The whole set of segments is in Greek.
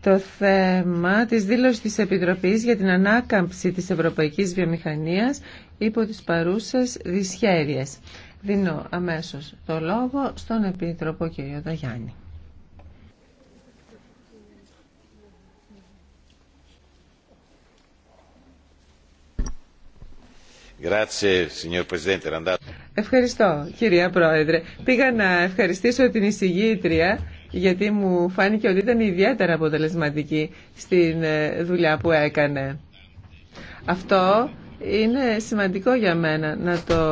το θέμα της δήλωσης της Επιτροπής για την ανάκαμψη της Ευρωπαϊκής Βιομηχανίας υπό τις παρούσες δυσχέρειες. Δίνω αμέσως το λόγο στον Επίτροπο κ. Δαγιάννη. Ευχαριστώ κυρία Πρόεδρε. Πήγα να ευχαριστήσω την εισηγήτρια γιατί μου φάνηκε ότι ήταν ιδιαίτερα αποτελεσματική στην ε, δουλειά που έκανε. Αυτό είναι σημαντικό για μένα να το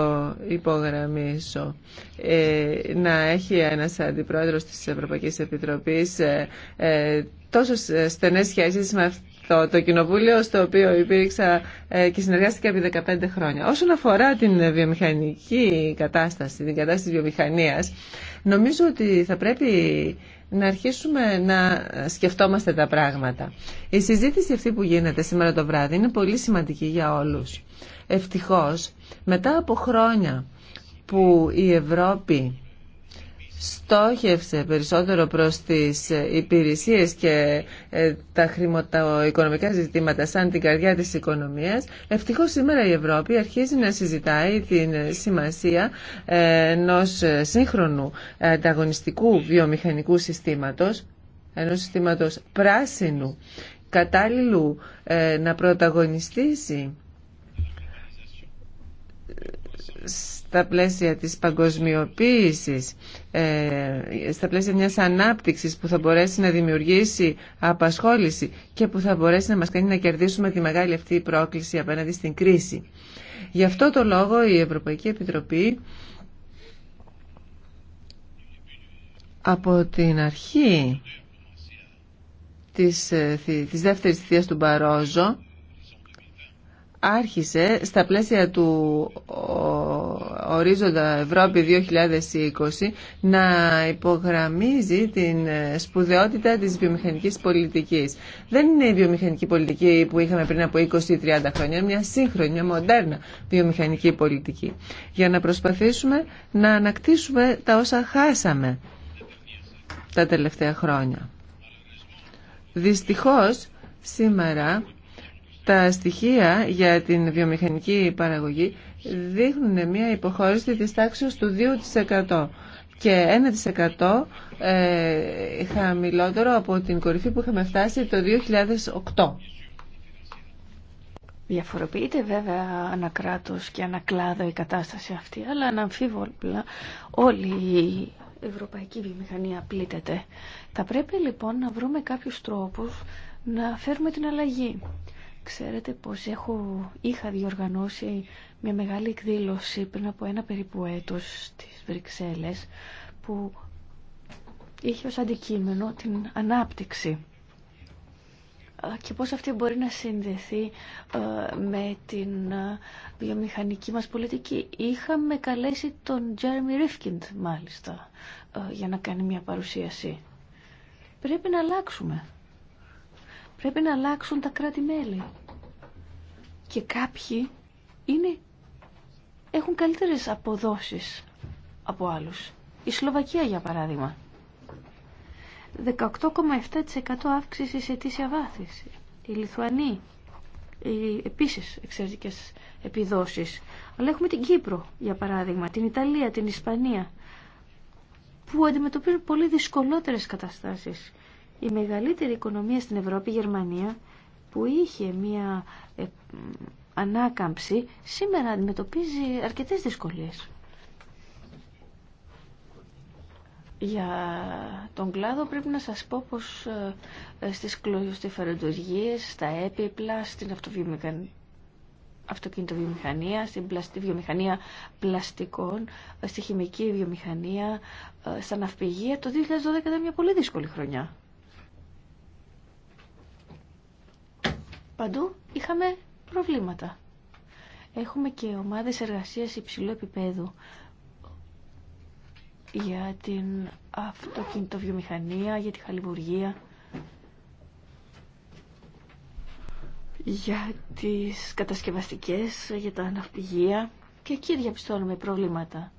υπογραμμίσω. Ε, να έχει ένας αντιπρόεδρος της Ευρωπαϊκής Επιτροπής ε, τόσο στενές σχέσεις με αυτή το κοινοβούλιο στο οποίο υπήρξα ε, και συνεργάστηκα επί 15 χρόνια. Όσον αφορά την βιομηχανική κατάσταση, την κατάσταση της βιομηχανίας, νομίζω ότι θα πρέπει να αρχίσουμε να σκεφτόμαστε τα πράγματα. Η συζήτηση αυτή που γίνεται σήμερα το βράδυ είναι πολύ σημαντική για όλους. Ευτυχώς, μετά από χρόνια που η Ευρώπη στόχευσε περισσότερο προς τις υπηρεσίες και ε, τα χρηματοοικονομικά ζητήματα σαν την καρδιά της οικονομίας, ευτυχώς σήμερα η Ευρώπη αρχίζει να συζητάει την σημασία ε, ενός σύγχρονου ανταγωνιστικού βιομηχανικού συστήματος, ενός συστήματος πράσινου, κατάλληλου ε, να πρωταγωνιστήσει στα πλαίσια της παγκοσμιοποίησης, ε, στα πλαίσια μιας ανάπτυξης που θα μπορέσει να δημιουργήσει απασχόληση και που θα μπορέσει να μας κάνει να κερδίσουμε τη μεγάλη αυτή πρόκληση απέναντι στην κρίση. Γι' αυτό το λόγο η Ευρωπαϊκή Επιτροπή από την αρχή της, ε, της δεύτερης θητείας του Μπαρόζο άρχισε στα πλαίσια του ορίζοντα Ευρώπη 2020 να υπογραμμίζει την σπουδαιότητα της βιομηχανικής πολιτικής. Δεν είναι η βιομηχανική πολιτική που είχαμε πριν από 20-30 χρόνια, μια σύγχρονη, μια μοντέρνα βιομηχανική πολιτική. Για να προσπαθήσουμε να ανακτήσουμε τα όσα χάσαμε τα τελευταία χρόνια. Δυστυχώς, σήμερα τα στοιχεία για την βιομηχανική παραγωγή δείχνουν μια υποχώρηση της τάξης του 2% και 1% ε, χαμηλότερο από την κορυφή που είχαμε φτάσει το 2008. Διαφοροποιείται βέβαια ανακράτο και ανακλάδο η κατάσταση αυτή, αλλά αναμφίβολα όλη η ευρωπαϊκή βιομηχανία πλήττεται. Θα πρέπει λοιπόν να βρούμε κάποιου τρόπου να φέρουμε την αλλαγή. Ξέρετε πως έχω, είχα διοργανώσει μια μεγάλη εκδήλωση πριν από ένα περίπου έτος στις Βρυξέλλες που είχε ως αντικείμενο την ανάπτυξη και πώς αυτή μπορεί να συνδεθεί ε, με την ε, βιομηχανική μας πολιτική. Είχαμε καλέσει τον Τζέρμι Ρίφκιντ μάλιστα ε, για να κάνει μια παρουσίαση. Πρέπει να αλλάξουμε. Πρέπει να αλλάξουν τα κράτη-μέλη. Και κάποιοι είναι, έχουν καλύτερες αποδόσεις από άλλους. Η Σλοβακία, για παράδειγμα. 18,7% αύξηση σε αιτήσια βάθηση. Η Λιθουανή. Οι επίσης εξαιρετικές επιδόσεις. Αλλά έχουμε την Κύπρο, για παράδειγμα, την Ιταλία, την Ισπανία, που αντιμετωπίζουν πολύ δυσκολότερες καταστάσεις η μεγαλύτερη οικονομία στην Ευρώπη, η Γερμανία, που είχε μία ε, ανάκαμψη, σήμερα αντιμετωπίζει αρκετές δυσκολίες. Για τον κλάδο πρέπει να σας πω πως ε, ε, στις κλωστιφεροντουργίες, στα έπιπλα, στην αυτοβιομηχανία, αυτοκινητοβιομηχανία, στην βιομηχανία πλαστικών, στη χημική βιομηχανία, στα ναυπηγεία. Το 2012 ήταν μια πολύ δύσκολη χρονιά. παντού είχαμε προβλήματα. Έχουμε και ομάδες εργασίας υψηλού επίπεδου για την αυτοκινητοβιομηχανία, για τη χαλιβουργία, για τις κατασκευαστικές, για τα ναυπηγεία και εκεί διαπιστώνουμε προβλήματα.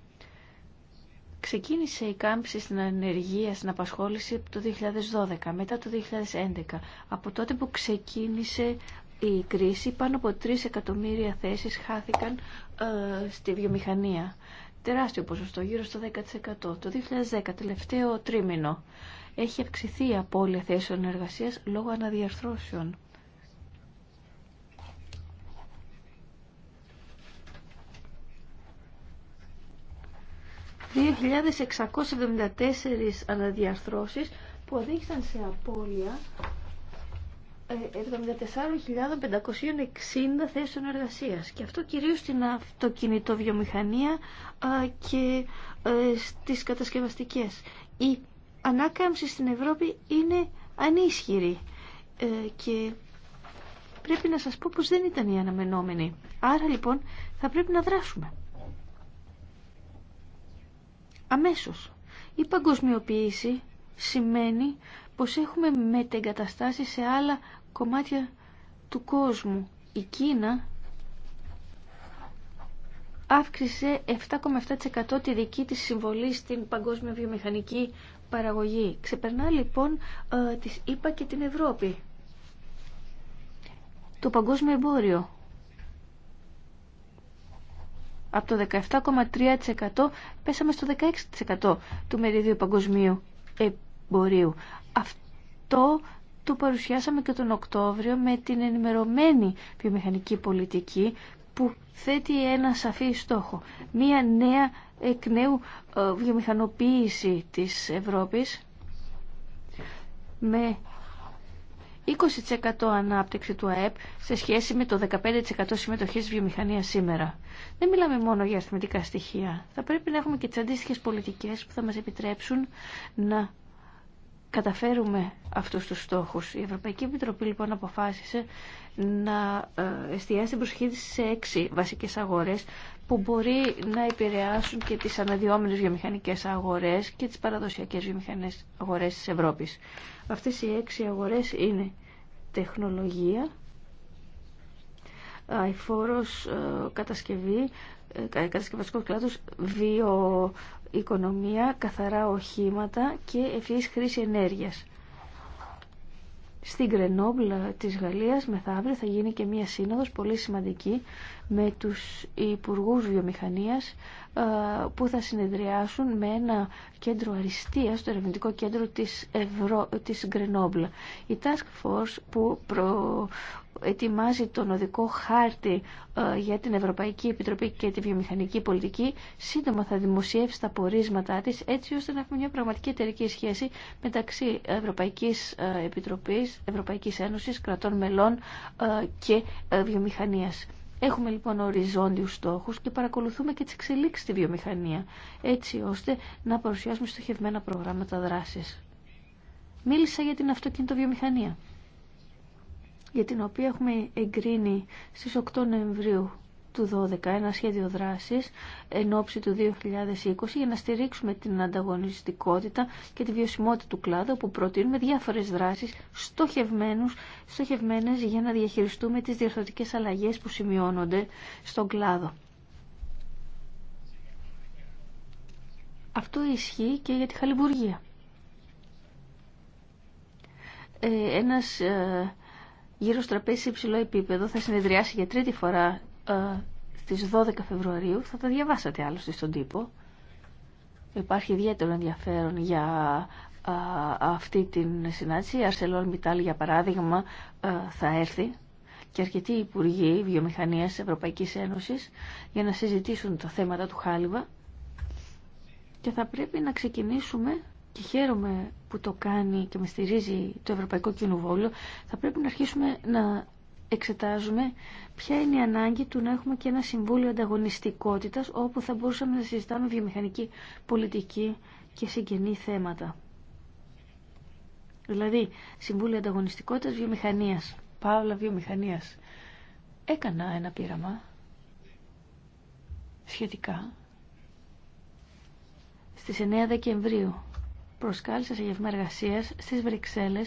Ξεκίνησε η κάμψη στην ανεργία, στην απασχόληση το 2012, μετά το 2011. Από τότε που ξεκίνησε η κρίση, πάνω από 3 εκατομμύρια θέσεις χάθηκαν ε, στη βιομηχανία. Τεράστιο ποσοστό, γύρω στο 10%. Το 2010, τελευταίο τρίμηνο, έχει αυξηθεί η απώλεια θέσεων εργασίας λόγω αναδιαρθρώσεων. 2.674 αναδιαρθρώσεις που οδήγησαν σε απώλεια 74.560 ε, θέσεων εργασίας και αυτό κυρίως στην αυτοκινητοβιομηχανία και ε, στις κατασκευαστικές. Η ανάκαμψη στην Ευρώπη είναι ανίσχυρη ε, και πρέπει να σας πω πως δεν ήταν η αναμενόμενη. Άρα λοιπόν θα πρέπει να δράσουμε αμέσως. Η παγκοσμιοποίηση σημαίνει πως έχουμε μετεγκαταστάσει σε άλλα κομμάτια του κόσμου. Η Κίνα αύξησε 7,7% τη δική της συμβολή στην παγκόσμια βιομηχανική παραγωγή. Ξεπερνά λοιπόν ε, τις ΗΠΑ και την Ευρώπη. Το παγκόσμιο εμπόριο από το 17,3% πέσαμε στο 16% του μεριδίου παγκοσμίου εμπορίου. Αυτό το παρουσιάσαμε και τον Οκτώβριο με την ενημερωμένη βιομηχανική πολιτική που θέτει ένα σαφή στόχο. Μία νέα εκ νέου ε, βιομηχανοποίηση της Ευρώπης με 20% ανάπτυξη του ΑΕΠ σε σχέση με το 15% συμμετοχής βιομηχανίας σήμερα. Δεν μιλάμε μόνο για αριθμητικά στοιχεία. Θα πρέπει να έχουμε και τις αντίστοιχες πολιτικές που θα μας επιτρέψουν να καταφέρουμε αυτούς τους στόχους. Η Ευρωπαϊκή Επιτροπή λοιπόν αποφάσισε να ε, εστιάσει την προσοχή της σε έξι βασικές αγορές που μπορεί να επηρεάσουν και τις αναδυόμενες βιομηχανικές αγορές και τις παραδοσιακές βιομηχανικές αγορές της Ευρώπης. Αυτές οι έξι αγορές είναι τεχνολογία, αηφόρος ε, κατασκευή, ε, κατασκευαστικό κλάδος, βιοοικονομία, καθαρά οχήματα και ευφυής χρήση ενέργειας. Στην Γκρενόμπλα της Γαλλίας μεθαύριο θα γίνει και μία σύνοδος πολύ σημαντική με τους υπουργούς βιομηχανίας ε, που θα συνεδριάσουν με ένα κέντρο αριστείας, το ερευνητικό κέντρο της, Ευρω... της Η Task Force που προ ετοιμάζει τον οδικό χάρτη ε, για την Ευρωπαϊκή Επιτροπή και τη βιομηχανική πολιτική. Σύντομα θα δημοσιεύσει τα πορίσματά της έτσι ώστε να έχουμε μια πραγματική εταιρική σχέση μεταξύ Ευρωπαϊκής ε, Επιτροπής, Ευρωπαϊκής Ένωσης, κρατών μελών ε, και βιομηχανίας. Έχουμε λοιπόν οριζόντιους στόχους και παρακολουθούμε και τις εξελίξεις στη βιομηχανία, έτσι ώστε να παρουσιάσουμε στοχευμένα προγράμματα δράσης. Μίλησα για την αυτοκίνητο βιομηχανία για την οποία έχουμε εγκρίνει στις 8 Νοεμβρίου του 12 ένα σχέδιο δράσης εν ώψη του 2020 για να στηρίξουμε την ανταγωνιστικότητα και τη βιωσιμότητα του κλάδου που προτείνουμε διάφορες δράσεις στοχευμένους, στοχευμένες για να διαχειριστούμε τις διορθωτικές αλλαγές που σημειώνονται στον κλάδο. Αυτό ισχύει και για τη χαλιβουργία. Ε, ένας ε, γύρω στο τραπέζι σε υψηλό επίπεδο θα συνεδριάσει για τρίτη φορά ε, στις 12 Φεβρουαρίου. Θα τα διαβάσατε άλλωστε στον τύπο. Υπάρχει ιδιαίτερο ενδιαφέρον για ε, αυτή την συνάντηση. Η Αρσελόν Μιτάλ, για παράδειγμα, ε, θα έρθει και αρκετοί υπουργοί βιομηχανίας της Ευρωπαϊκής Ένωσης για να συζητήσουν τα θέματα του Χάλιβα και θα πρέπει να ξεκινήσουμε και χαίρομαι που το κάνει και με στηρίζει το Ευρωπαϊκό Κοινοβόλιο θα πρέπει να αρχίσουμε να εξετάζουμε ποια είναι η ανάγκη του να έχουμε και ένα συμβούλιο ανταγωνιστικότητας όπου θα μπορούσαμε να συζητάμε βιομηχανική πολιτική και συγγενή θέματα. Δηλαδή, Συμβούλιο Ανταγωνιστικότητας Βιομηχανίας, Παύλα Βιομηχανίας. Έκανα ένα πείραμα σχετικά στις 9 Δεκεμβρίου Προσκάλεσε σε γεύμα εργασία στι Βρυξέλλε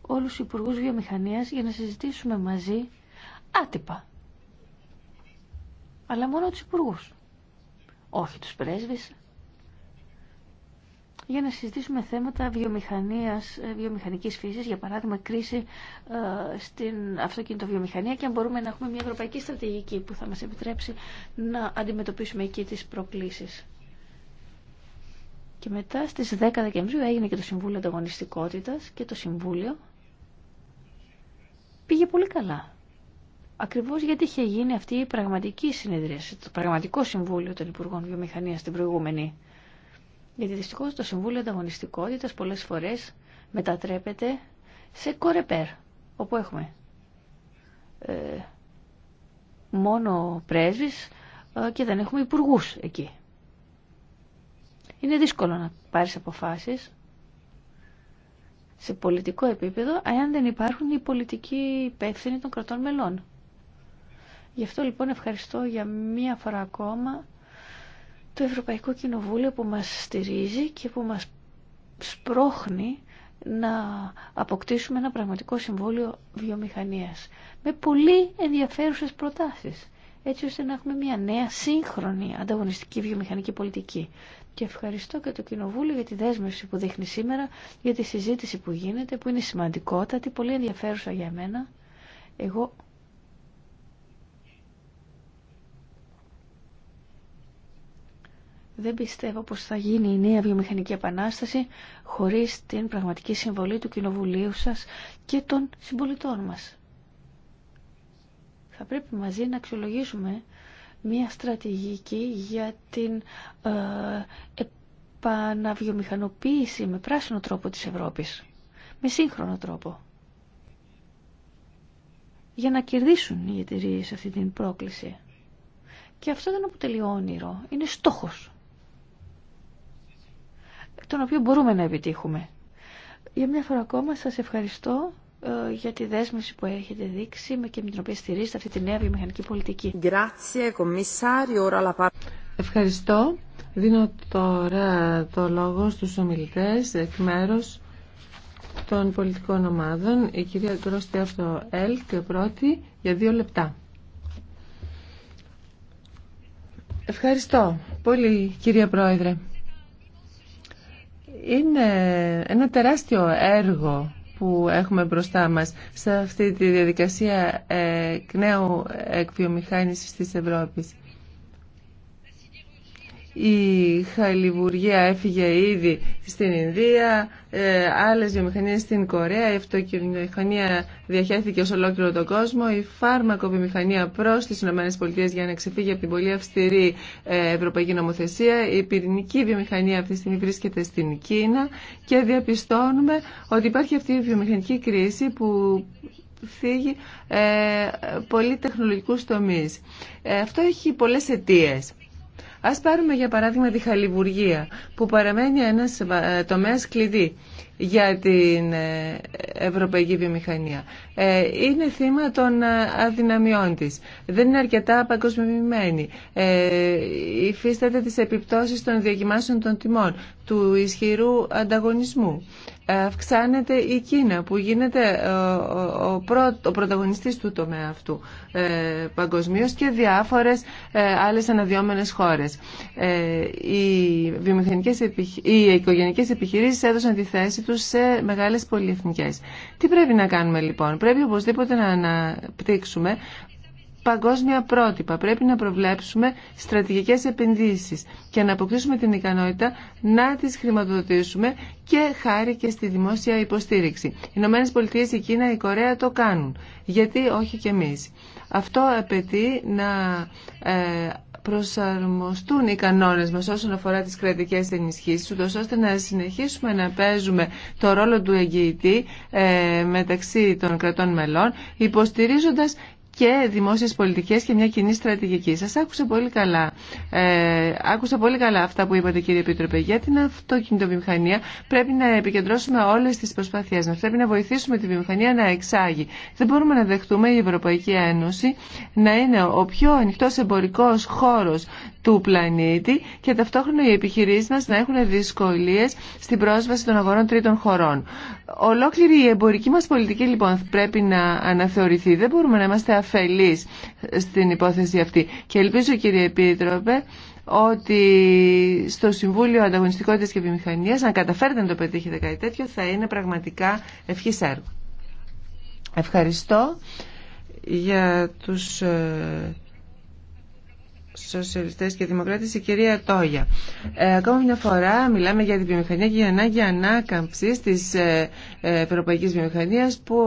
όλου του υπουργού βιομηχανία για να συζητήσουμε μαζί άτυπα. Αλλά μόνο του υπουργού, Όχι του πρέσβεις. Για να συζητήσουμε θέματα βιομηχανίας, ε, βιομηχανικής φύσης, για παράδειγμα κρίση ε, στην αυτοκινητοβιομηχανία και αν μπορούμε να έχουμε μια ευρωπαϊκή στρατηγική που θα μας επιτρέψει να αντιμετωπίσουμε εκεί τις προκλήσεις. Και μετά στις 10 Δεκεμβρίου έγινε και το Συμβούλιο Ανταγωνιστικότητας και το Συμβούλιο πήγε πολύ καλά. Ακριβώς γιατί είχε γίνει αυτή η πραγματική συνεδρίαση, το πραγματικό Συμβούλιο των Υπουργών Βιομηχανίας την προηγούμενη. Γιατί δυστυχώ το Συμβούλιο Ανταγωνιστικότητα πολλέ φορέ μετατρέπεται σε κορεπέρ, όπου έχουμε ε, μόνο πρέσβει ε, και δεν έχουμε υπουργού εκεί είναι δύσκολο να πάρεις αποφάσεις σε πολιτικό επίπεδο, εάν δεν υπάρχουν οι πολιτικοί υπεύθυνοι των κρατών μελών. Γι' αυτό λοιπόν ευχαριστώ για μία φορά ακόμα το Ευρωπαϊκό Κοινοβούλιο που μας στηρίζει και που μας σπρώχνει να αποκτήσουμε ένα πραγματικό συμβόλιο βιομηχανίας με πολύ ενδιαφέρουσες προτάσεις έτσι ώστε να έχουμε μια νέα σύγχρονη ανταγωνιστική βιομηχανική πολιτική και ευχαριστώ και το Κοινοβούλιο για τη δέσμευση που δείχνει σήμερα, για τη συζήτηση που γίνεται, που είναι σημαντικότατη, πολύ ενδιαφέρουσα για μένα. Εγώ δεν πιστεύω πως θα γίνει η νέα βιομηχανική επανάσταση χωρίς την πραγματική συμβολή του Κοινοβουλίου σας και των συμπολιτών μας. Θα πρέπει μαζί να αξιολογήσουμε μια στρατηγική για την ε, επαναβιομηχανοποίηση με πράσινο τρόπο της Ευρώπης, με σύγχρονο τρόπο, για να κερδίσουν οι εταιρείε αυτή την πρόκληση. Και αυτό δεν αποτελεί όνειρο, είναι στόχος, τον οποίο μπορούμε να επιτύχουμε. Για μια φορά ακόμα σας ευχαριστώ ε, για τη δέσμευση που έχετε δείξει και με την οποία στηρίζετε αυτή τη νέα βιομηχανική πολιτική. Ευχαριστώ. Δίνω τώρα το λόγο στους ομιλητές εκ μέρους των πολιτικών ομάδων. Η κυρία Κρόστη αυτό ΕΛΚ πρώτη για δύο λεπτά. Ευχαριστώ πολύ κυρία Πρόεδρε. Είναι ένα τεράστιο έργο που έχουμε μπροστά μας σε αυτή τη διαδικασία ε, νέου εκβιομηχάνησης της Ευρώπης η χαλιβουργία έφυγε ήδη στην Ινδία, ε, άλλες βιομηχανίες στην Κορέα, η αυτοκινητομηχανία διαχέθηκε σε ολόκληρο τον κόσμο, η φάρμακοβιομηχανία προς τις ΗΠΑ για να ξεφύγει από την πολύ αυστηρή ε, ευρωπαϊκή νομοθεσία, η πυρηνική βιομηχανία αυτή τη στιγμή βρίσκεται στην Κίνα και διαπιστώνουμε ότι υπάρχει αυτή η βιομηχανική κρίση που φύγει ε, πολύ τεχνολογικούς τομείς. Ε, αυτό έχει πολλές αιτίες. Ας πάρουμε για παράδειγμα τη χαλιβουργία που παραμένει ένας ε, τομέα κλειδί για την ε, ευρωπαϊκή βιομηχανία. Ε, είναι θύμα των αδυναμιών τη. Δεν είναι αρκετά παγκοσμιοποιημένη. Υφίσταται τι επιπτώσει των διακοιμάσεων των τιμών, του ισχυρού ανταγωνισμού αυξάνεται η Κίνα που γίνεται ε, ο, ο, πρωταγωνιστής του τομέα αυτού ε, παγκοσμίω και διάφορες ε, άλλες αναδυόμενες χώρες. Ε, οι, βιομηχανικές οι οικογενικές επιχειρήσεις έδωσαν τη θέση τους σε μεγάλες πολυεθνικές. Τι πρέπει να κάνουμε λοιπόν. Πρέπει οπωσδήποτε να αναπτύξουμε παγκόσμια πρότυπα. Πρέπει να προβλέψουμε στρατηγικές επενδύσεις και να αποκτήσουμε την ικανότητα να τις χρηματοδοτήσουμε και χάρη και στη δημόσια υποστήριξη. Οι Ηνωμένε Πολιτείε, η Κίνα, η Κορέα το κάνουν. Γιατί όχι και εμείς. Αυτό απαιτεί να ε, προσαρμοστούν οι κανόνες μας όσον αφορά τις κρατικές ενισχύσεις, ούτως ώστε να συνεχίσουμε να παίζουμε το ρόλο του εγγυητή ε, μεταξύ των κρατών μελών, υποστηρίζοντας και δημόσιε πολιτικές και μια κοινή στρατηγική. Σας άκουσα πολύ καλά. Ε, άκουσα πολύ καλά αυτά που είπατε κύριε Επίτροπε. Για την αυτοκινητοβιομηχανία πρέπει να επικεντρώσουμε όλες τις προσπάθειές μας. Πρέπει να βοηθήσουμε τη βιομηχανία να εξάγει. Δεν μπορούμε να δεχτούμε η Ευρωπαϊκή Ένωση να είναι ο πιο ανοιχτό εμπορικό χώρο του πλανήτη και ταυτόχρονα οι επιχειρήσει μα να έχουν δυσκολίε στην πρόσβαση των αγορών τρίτων χωρών. Ολόκληρη η εμπορική μας πολιτική λοιπόν πρέπει να αναθεωρηθεί. Δεν μπορούμε να είμαστε αφελείς στην υπόθεση αυτή. Και ελπίζω κύριε Επίτροπε ότι στο Συμβούλιο Ανταγωνιστικότητα και Βιομηχανίας αν καταφέρετε να το πετύχετε κάτι τέτοιο θα είναι πραγματικά ευχή έργο. Ευχαριστώ για τους ε, Σοσιαλιστέ και δημοκράτε, η κυρία Τόγια. Ε, ακόμα μια φορά μιλάμε για την βιομηχανία και για ανάγκη ανάκαμψη της ε, ε ευρωπαϊκής που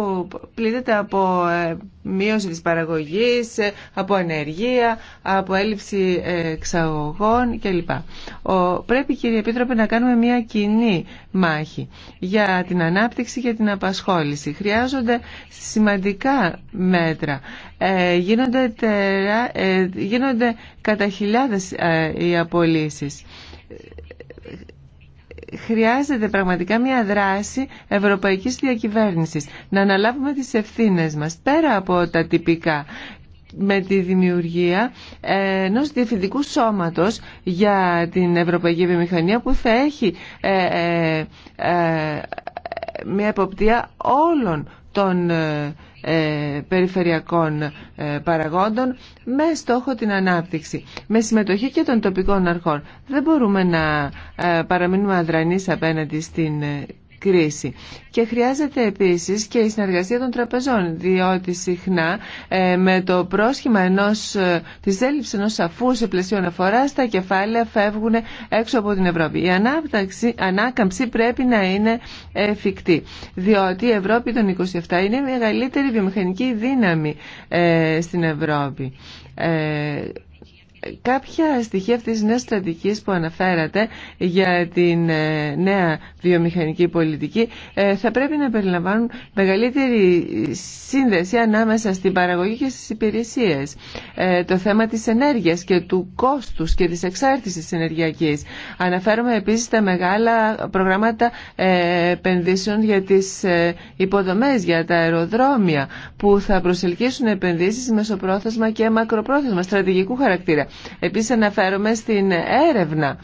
πλήττεται από ε, μείωση της παραγωγής, ε, από ανεργία, από έλλειψη εξαγωγών κλπ. Ο, πρέπει κύριε Επίτροπε να κάνουμε μια κοινή μάχη για την ανάπτυξη και την απασχόληση. Χρειάζονται σημαντικά μέτρα. Ε, γίνονται, ε, γίνονται κατά χιλιάδες ε, οι απολύσεις χρειάζεται πραγματικά μια δράση ευρωπαϊκής διακυβέρνησης να αναλάβουμε τις ευθύνες μας πέρα από τα τυπικά με τη δημιουργία ενό διευθυντικού σώματος για την Ευρωπαϊκή Βιομηχανία που θα έχει μια εποπτεία όλων των ε, περιφερειακών ε, παραγόντων με στόχο την ανάπτυξη, με συμμετοχή και των τοπικών αρχών. Δεν μπορούμε να ε, παραμείνουμε αδρανείς απέναντι στην κρίση. Και χρειάζεται επίσης και η συνεργασία των τραπεζών, διότι συχνά ε, με το πρόσχημα ενός, ε, της έλλειψης ενός σαφού σε πλαίσιο αναφορά τα κεφάλαια φεύγουν έξω από την Ευρώπη. Η ανάκαμψη πρέπει να είναι εφικτή, διότι η Ευρώπη των 27 είναι η μεγαλύτερη βιομηχανική δύναμη ε, στην Ευρώπη κάποια στοιχεία αυτής της νέας στρατηγικής που αναφέρατε για την νέα βιομηχανική πολιτική ε, θα πρέπει να περιλαμβάνουν μεγαλύτερη σύνδεση ανάμεσα στην παραγωγή και στις υπηρεσίες. Ε, το θέμα της ενέργειας και του κόστους και της εξάρτησης ενεργειακής. Αναφέρομαι επίσης τα μεγάλα προγράμματα ε, επενδύσεων για τις υποδομές, για τα αεροδρόμια που θα προσελκύσουν επενδύσεις μεσοπρόθεσμα και μακροπρόθεσμα στρατηγικού χαρακτήρα. Επίσης αναφέρομαι στην έρευνα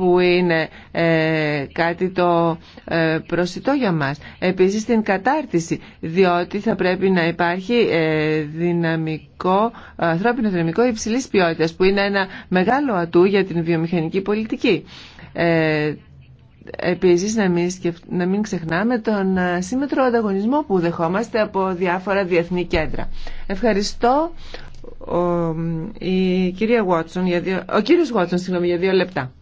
που είναι ε, κάτι το ε, προσιτό για μας. Επίσης την κατάρτιση, διότι θα πρέπει να υπάρχει ε, δυναμικό, ανθρώπινο δυναμικό υψηλής ποιότητας, που είναι ένα μεγάλο ατού για την βιομηχανική πολιτική. Επίσης να μην, ξεχνάμε τον σύμμετρο ανταγωνισμό που δεχόμαστε από διάφορα διεθνή κέντρα. Ευχαριστώ ο, η κυρία Watson ο κύριος Watson για δύο λεπτά.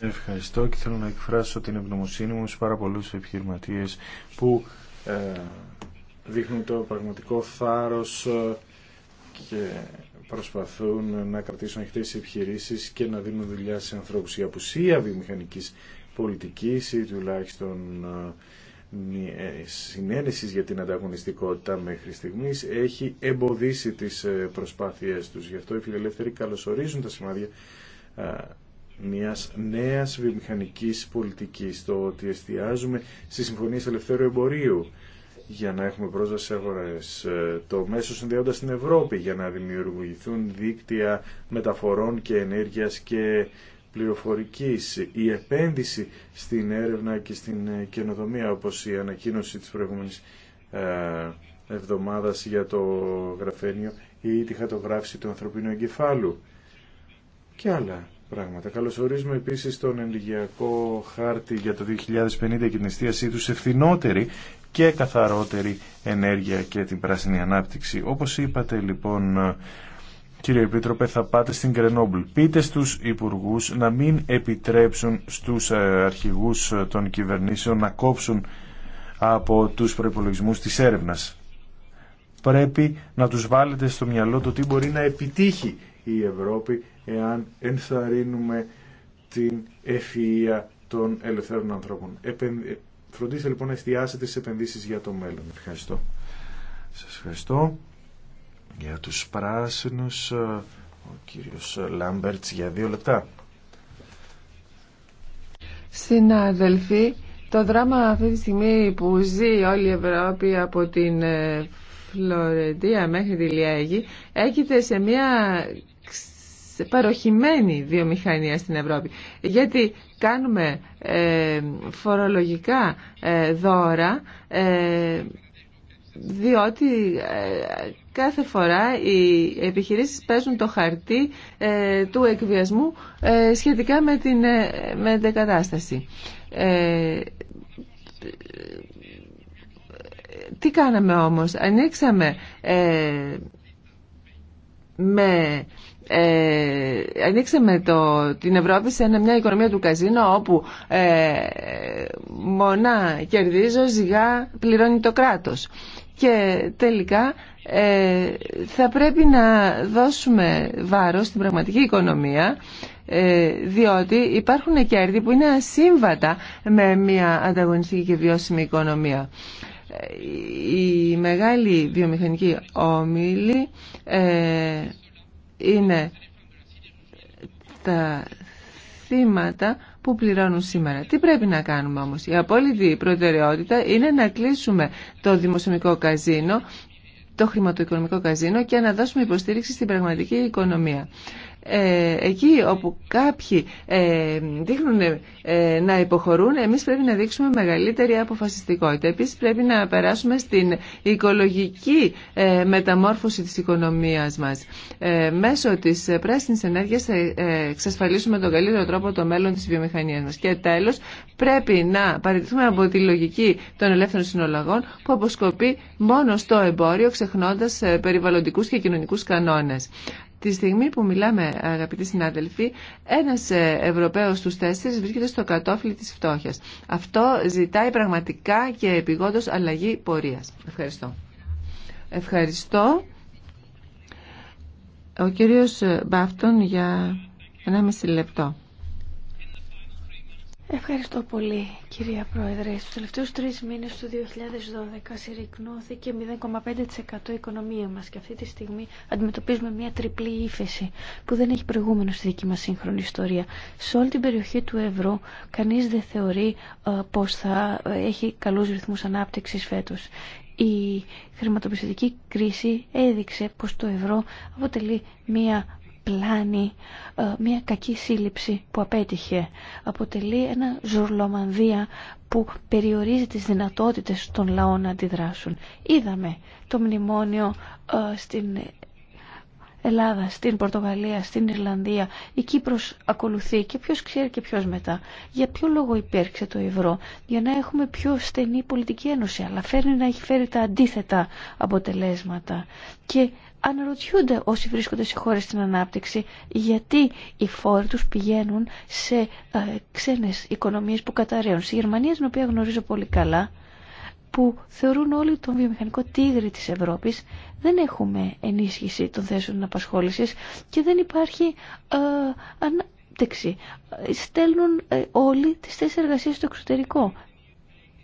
Ευχαριστώ και θέλω να εκφράσω την ευγνωμοσύνη μου σε πάρα πολλούς επιχειρηματίες που ε, δείχνουν το πραγματικό θάρρος ε, και προσπαθούν να κρατήσουν ανοιχτέ επιχειρήσει και να δίνουν δουλειά σε ανθρώπους. Η απουσία βιομηχανικής πολιτικής ή τουλάχιστον ε, ε, συνένεσης για την ανταγωνιστικότητα μέχρι στιγμής έχει εμποδίσει τις προσπάθειές του. Γι' αυτό οι φιλελεύθεροι καλωσορίζουν τα σημάδια μιας νέας βιομηχανικής πολιτικής, το ότι εστιάζουμε στις συμφωνίες ελευθέρου εμπορίου για να έχουμε πρόσβαση σε αγορές, ε, το μέσο συνδέοντας την Ευρώπη για να δημιουργηθούν δίκτυα μεταφορών και ενέργειας και πληροφορικής, η επένδυση στην έρευνα και στην ε, καινοτομία, όπως η ανακοίνωση της προηγούμενης ε, εβδομάδας για το γραφένιο ή τη χατογράφηση του ανθρωπίνου εγκεφάλου και άλλα πράγματα. Καλωσορίζουμε επίσης τον ενεργειακό χάρτη για το 2050 και την εστίασή του σε φθηνότερη και καθαρότερη ενέργεια και την πράσινη ανάπτυξη. Όπως είπατε λοιπόν κύριε Επίτροπε θα πάτε στην Κρενόμπλ. Πείτε στους υπουργούς να μην επιτρέψουν στους ε, αρχηγούς των κυβερνήσεων να κόψουν από τους προϋπολογισμούς της έρευνας. Πρέπει να τους βάλετε στο μυαλό το τι μπορεί να επιτύχει η Ευρώπη εάν ενθαρρύνουμε την ευφυΐα των ελευθέρων ανθρώπων. Ε, φροντίστε λοιπόν να εστιάσετε στις επενδύσεις για το μέλλον. Ευχαριστώ. Σας ευχαριστώ. Για τους πράσινους, ε, ο κύριος Λάμπερτς για δύο λεπτά. Συνάδελφοι, το δράμα αυτή τη στιγμή που ζει όλη η Ευρώπη από την ε, Φλωρεντία μέχρι τη Λιέγη έγινε σε μια παροχημένη βιομηχανία στην Ευρώπη. Γιατί κάνουμε ε, φορολογικά ε, δώρα ε, διότι κάθε φορά οι επιχειρήσεις παίζουν το χαρτί του εκβιασμού σχετικά με την με την κατάσταση. Τι κάναμε όμως, ανοίξαμε με ε, ανοίξαμε το, την Ευρώπη σε μια οικονομία του καζίνο όπου ε, μονά κερδίζω, ζυγά πληρώνει το κράτος. Και τελικά ε, θα πρέπει να δώσουμε βάρος στην πραγματική οικονομία ε, διότι υπάρχουν κέρδη που είναι ασύμβατα με μια ανταγωνιστική και βιώσιμη οικονομία. Ε, η μεγάλη βιομηχανική όμιλη ε, είναι τα θύματα που πληρώνουν σήμερα. Τι πρέπει να κάνουμε όμως. Η απόλυτη προτεραιότητα είναι να κλείσουμε το δημοσιονομικό καζίνο το χρηματοοικονομικό καζίνο και να δώσουμε υποστήριξη στην πραγματική οικονομία. Ε, εκεί όπου κάποιοι ε, δείχνουν ε, να υποχωρούν, εμείς πρέπει να δείξουμε μεγαλύτερη αποφασιστικότητα. Επίσης πρέπει να περάσουμε στην οικολογική μεταμόρφωση της οικονομίας μας. Μέσω της πράσινης ενέργειας θα εξασφαλίσουμε τον καλύτερο τρόπο το μέλλον της βιομηχανίας μας. Και τέλος πρέπει να παραιτηθούμε από τη λογική των ελεύθερων συνολογών που αποσκοπεί μόνο στο εμπόριο ξεχνώντας περιβαλλοντικούς και κοινωνικούς κανόνες. Τη στιγμή που μιλάμε, αγαπητοί συνάδελφοι, ένας ε, Ευρωπαίος στους τέσσερις βρίσκεται στο κατόφλι της φτώχεια. Αυτό ζητάει πραγματικά και επιγόντω αλλαγή πορείας. Ευχαριστώ. Ευχαριστώ. Ο κύριος Μπάφτον για ένα μισή λεπτό. Ευχαριστώ πολύ κυρία Πρόεδρε. Στους τελευταίους τρεις μήνες του 2012 συρρυκνώθηκε 0,5% η οικονομία μας και αυτή τη στιγμή αντιμετωπίζουμε μια τριπλή ύφεση που δεν έχει προηγούμενο στη δική μας σύγχρονη ιστορία. Σε όλη την περιοχή του ευρώ κανείς δεν θεωρεί ε, πως θα ε, έχει καλούς ρυθμούς ανάπτυξης φέτος. Η χρηματοπιστωτική κρίση έδειξε πως το ευρώ αποτελεί μια πλάνη ε, μια κακή σύλληψη που απέτυχε. Αποτελεί ένα ζουρλομανδία που περιορίζει τις δυνατότητες των λαών να αντιδράσουν. Είδαμε το μνημόνιο ε, στην Ελλάδα, στην Πορτογαλία, στην Ιρλανδία, η Κύπρος ακολουθεί και ποιος ξέρει και ποιος μετά. Για ποιο λόγο υπέρξε το ευρώ, για να έχουμε πιο στενή πολιτική ένωση, αλλά φέρνει να έχει φέρει τα αντίθετα αποτελέσματα. Και αναρωτιούνται όσοι βρίσκονται σε χώρες στην ανάπτυξη γιατί οι φόροι τους πηγαίνουν σε ε, ξένες οικονομίες που καταραίουν. Στη Γερμανία, την οποία γνωρίζω πολύ καλά, που θεωρούν όλοι τον βιομηχανικό τίγρη της Ευρώπης, δεν έχουμε ενίσχυση των θέσεων απασχόλησης και δεν υπάρχει ε, ανάπτυξη. Ε, στέλνουν ε, όλοι τις θέσεις εργασίας στο εξωτερικό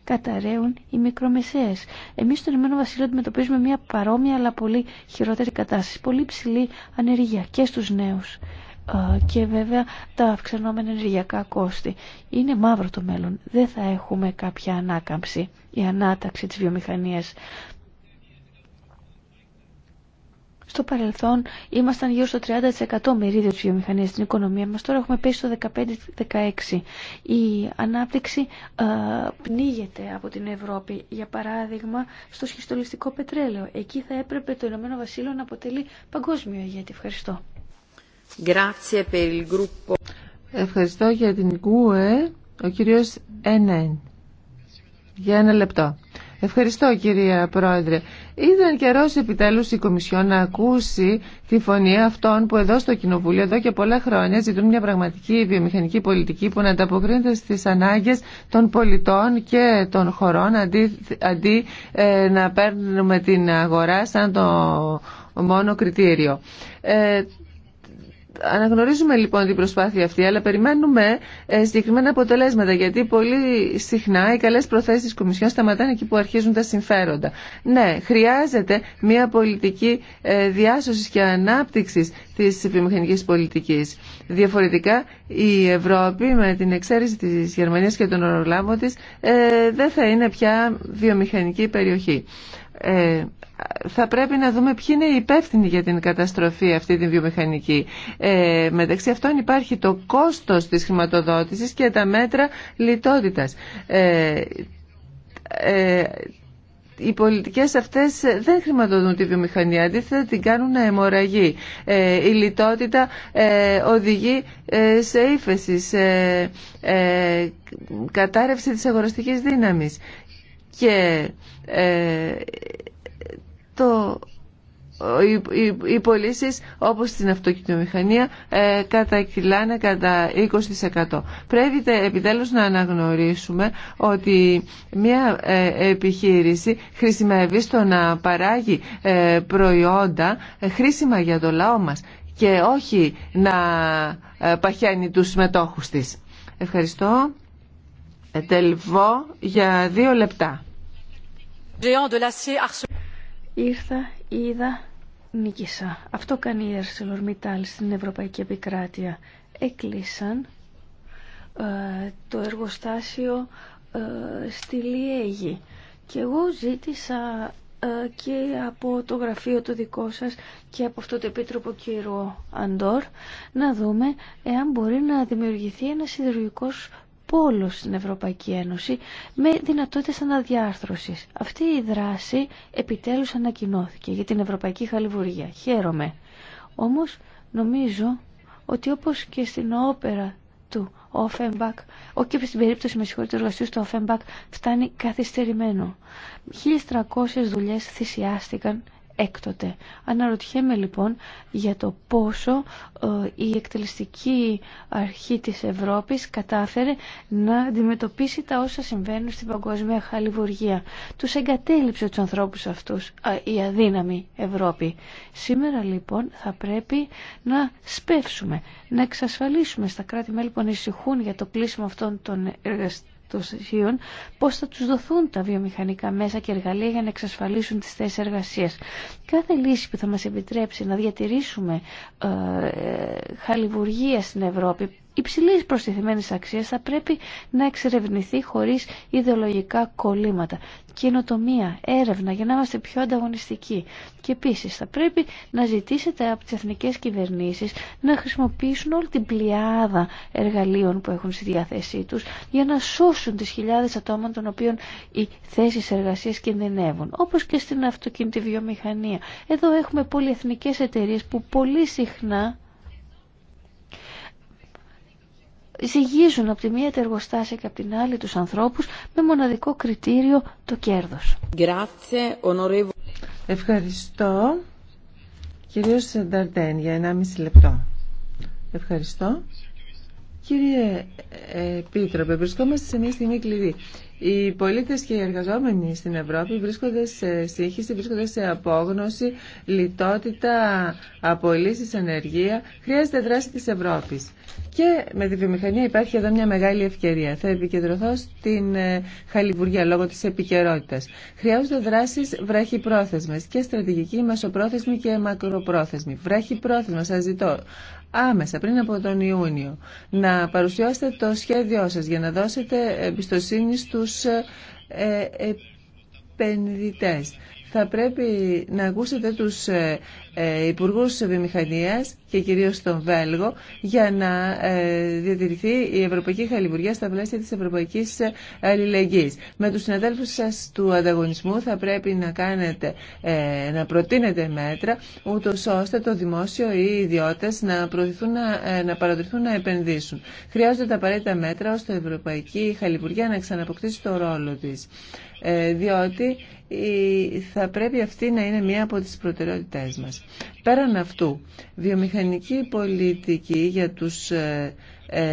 καταραίουν οι μικρομεσαίες. Εμείς στον Ηνωμένο Βασίλειο αντιμετωπίζουμε μια παρόμοια αλλά πολύ χειρότερη κατάσταση, πολύ ψηλή ανεργία και στους νέους ε, και βέβαια τα αυξανόμενα ενεργειακά κόστη. Είναι μαύρο το μέλλον. Δεν θα έχουμε κάποια ανάκαμψη ή ανάταξη της βιομηχανίας. Στο παρελθόν ήμασταν γύρω στο 30% μερίδιο της βιομηχανίας στην οικονομία μας. Τώρα έχουμε πέσει στο 15-16%. Η ανάπτυξη ε, πνίγεται από την Ευρώπη. Για παράδειγμα, στο σχιστολιστικό πετρέλαιο. Εκεί θα έπρεπε το Ηνωμένο Βασίλειο να αποτελεί παγκόσμιο ηγέτη. Ευχαριστώ. Ευχαριστώ για την ΚΟΕ, ο κύριος Ενέν. Για ένα λεπτό. Ευχαριστώ κυρία Πρόεδρε. Ήταν καιρό επιτέλου η Κομισιόν να ακούσει τη φωνή αυτών που εδώ στο Κοινοβούλιο εδώ και πολλά χρόνια ζητούν μια πραγματική βιομηχανική πολιτική που να ανταποκρίνεται στι ανάγκε των πολιτών και των χωρών αντί, αντί ε, να παίρνουμε την αγορά σαν το μόνο κριτήριο. Ε, Αναγνωρίζουμε λοιπόν την προσπάθεια αυτή, αλλά περιμένουμε ε, συγκεκριμένα αποτελέσματα, γιατί πολύ συχνά οι καλές προθέσεις της Κομισιόν σταματάνε εκεί που αρχίζουν τα συμφέροντα. Ναι, χρειάζεται μια πολιτική ε, διάσωσης και ανάπτυξης της βιομηχανική πολιτικής. Διαφορετικά, η Ευρώπη με την εξαίρεση της Γερμανίας και τον ορολάμων της ε, δεν θα είναι πια βιομηχανική περιοχή θα πρέπει να δούμε ποιοι είναι οι υπεύθυνοι για την καταστροφή αυτή την βιομηχανική. Ε, μεταξύ αυτών υπάρχει το κόστος της χρηματοδότησης και τα μέτρα λιτότητας. Ε, ε οι πολιτικές αυτές δεν χρηματοδοτούν τη βιομηχανία, αντίθετα την κάνουν να αιμορραγεί. Ε, η λιτότητα ε, οδηγεί σε ύφεση, σε κατάρρευση της αγοραστικής δύναμης. Και το, οι, πωλήσει όπως στην αυτοκινητομηχανία ε, κατακυλάνε κατά 20%. Πρέπει επιτέλους να αναγνωρίσουμε ότι μια ε, επιχείρηση χρησιμεύει στο να παράγει ε, προϊόντα ε, χρήσιμα για το λαό μας και όχι να παχαίνει τους μετόχους της. Ευχαριστώ. Τελβώ για δύο λεπτά. Ήρθα, είδα, νίκησα. Αυτό κάνει η ArcelorMittal στην Ευρωπαϊκή Επικράτεια. Έκλεισαν ε, το εργοστάσιο ε, στη Λιέγη. Και εγώ ζήτησα ε, και από το γραφείο το δικό σας και από αυτό το επίτροπο κύριο Αντόρ να δούμε εάν μπορεί να δημιουργηθεί ένας ιδρυκός πόλος στην Ευρωπαϊκή Ένωση με δυνατότητες αναδιάρθρωσης. Αυτή η δράση επιτέλους ανακοινώθηκε για την Ευρωπαϊκή Χαλιβουργία. Χαίρομαι. Όμως νομίζω ότι όπως και στην όπερα του Offenbach, όχι και στην περίπτωση με συγχωρείτε του εργασίου του Offenbach, φτάνει καθυστερημένο. 1.300 δουλειές θυσιάστηκαν έκτοτε. Αναρωτιέμαι λοιπόν για το πόσο ε, η εκτελεστική αρχή της Ευρώπης κατάφερε να αντιμετωπίσει τα όσα συμβαίνουν στην παγκόσμια χαλιβουργία. Τους εγκατέλειψε τους ανθρώπους αυτούς η αδύναμη Ευρώπη. Σήμερα λοιπόν θα πρέπει να σπεύσουμε, να εξασφαλίσουμε στα κράτη-μέλη που ανησυχούν για το κλείσιμο αυτών των εργαστών των πώς θα τους δοθούν τα βιομηχανικά μέσα και εργαλεία για να εξασφαλίσουν τις θέσεις εργασίας. Κάθε λύση που θα μας επιτρέψει να διατηρήσουμε ε, ε χαλιβουργία στην Ευρώπη υψηλή προστιθυμένη αξίας θα πρέπει να εξερευνηθεί χωρί ιδεολογικά κολλήματα. Καινοτομία, έρευνα για να είμαστε πιο ανταγωνιστικοί. Και επίση θα πρέπει να ζητήσετε από τι εθνικέ κυβερνήσει να χρησιμοποιήσουν όλη την πλειάδα εργαλείων που έχουν στη διάθεσή του, για να σώσουν τι χιλιάδε ατόμων των οποίων οι θέσει εργασία κινδυνεύουν. Όπω και στην αυτοκινητή βιομηχανία. Εδώ έχουμε πολυεθνικέ εταιρείε που πολύ συχνά ζυγίζουν από τη μία τα εργοστάσια και από την άλλη τους ανθρώπους με μοναδικό κριτήριο το κέρδος. Ευχαριστώ. Κυρίως Σενταρτέν, για 1,5 λεπτό. Ευχαριστώ. Κύριε ε, Επίτροπε, βρισκόμαστε σε μια στιγμή κλειδί. Οι πολίτες και οι εργαζόμενοι στην Ευρώπη βρίσκονται σε σύγχυση, βρίσκονται σε απόγνωση, λιτότητα, απολύσεις, ενεργεία. Χρειάζεται δράση της Ευρώπης. Και με τη βιομηχανία υπάρχει εδώ μια μεγάλη ευκαιρία. Θα επικεντρωθώ στην ε, Χαλιβουργία λόγω της επικαιρότητα. Χρειάζονται δράσεις βραχυπρόθεσμες και στρατηγική, μεσοπρόθεσμη και μακροπρόθεσμη. Βραχυπρόθεσμα, σας ζητώ άμεσα πριν από τον Ιούνιο να παρουσιάσετε το σχέδιό σας για να δώσετε εμπιστοσύνη στους ε, ε, επενδυτές θα πρέπει να ακούσετε τους ε, ε, υπουργούς βιομηχανίας και κυρίως τον Βέλγο για να ε, διατηρηθεί η Ευρωπαϊκή Χαλιβουργία στα πλαίσια της Ευρωπαϊκής Αλληλεγγύης. Με τους συναδέλφους σας του ανταγωνισμού θα πρέπει να, κάνετε, να προτείνετε μέτρα ούτω ώστε το δημόσιο ή οι ιδιώτες να, προωθηθούν, να, να παρατηρηθούν να επενδύσουν. Χρειάζονται τα απαραίτητα μέτρα ώστε η Ευρωπαϊκή Χαλιβουργία να ξαναποκτήσει το ρόλο της. Ε, διότι θα πρέπει αυτή να είναι μία από τις προτεραιότητές μας. Πέραν αυτού, βιομηχανική πολιτική για τους ε, ε,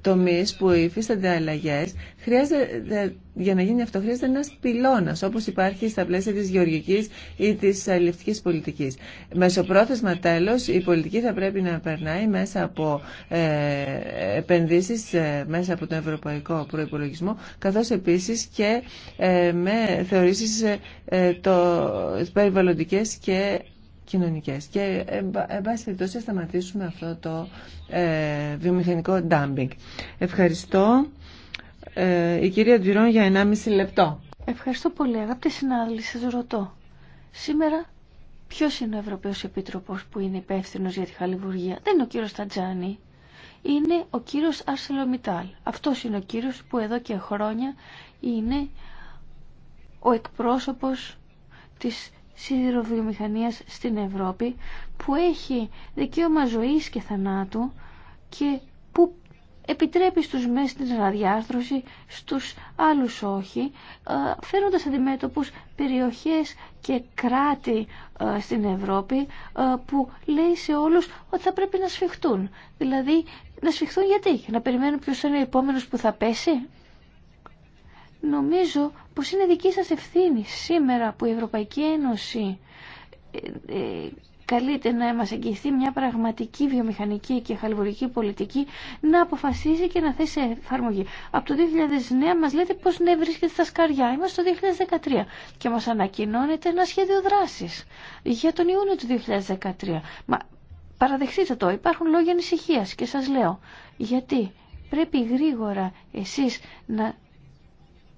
τομείς που υφίστανται αλλαγέ, χρειάζεται, για να γίνει αυτό, χρειάζεται ένα πυλώνα, όπω υπάρχει στα πλαίσια τη γεωργική ή τη αλληλευτική πολιτική. Μεσοπρόθεσμα τέλο, η πολιτική θα πρέπει να περνάει μέσα από ε, επενδύσει ε, μέσα από τον ευρωπαϊκό προπολογισμό, καθώ επίση και ε, με θεωρήσει ε, ε περιβαλλοντικέ και κοινωνικές. Και, ε, εν πάση περιπτώσει, θα σταματήσουμε αυτό το ε, βιομηχανικό ντάμπινγκ. Ευχαριστώ. Ε, η κυρία Τζιρόν για 1,5 λεπτό. Ευχαριστώ πολύ. Αγαπητοί συνάδελφοι, σας ρωτώ. Σήμερα ποιος είναι ο Ευρωπαίος Επίτροπος που είναι υπεύθυνο για τη Χαλιβουργία. Δεν είναι ο κύριος Τατζάνη. Είναι ο κύριος Μιτάλ. Αυτός είναι ο κύριος που εδώ και χρόνια είναι ο εκπρόσωπος της σιδηροβιομηχανίας στην Ευρώπη που έχει δικαίωμα ζωής και θανάτου και που επιτρέπει στους μέσα την αναδιάρθρωση, στους άλλους όχι, ε, φέρνοντας αντιμέτωπους περιοχές και κράτη ε, στην Ευρώπη ε, που λέει σε όλους ότι θα πρέπει να σφιχτούν. Δηλαδή να σφιχτούν γιατί, να περιμένουν ποιος είναι ο επόμενος που θα πέσει. Νομίζω πως είναι δική σας ευθύνη σήμερα που η Ευρωπαϊκή Ένωση ε, ε, καλείται να μας εγγυηθεί μια πραγματική βιομηχανική και χαλβουργική πολιτική να αποφασίσει και να θέσει εφαρμογή. Από το 2009 μας λέτε πως ναι βρίσκεται στα σκαριά. Είμαστε το 2013 και μας ανακοινώνεται ένα σχέδιο δράσης για τον Ιούνιο του 2013. Μα παραδεχτείτε το, υπάρχουν λόγια ανησυχία και σας λέω γιατί πρέπει γρήγορα εσείς να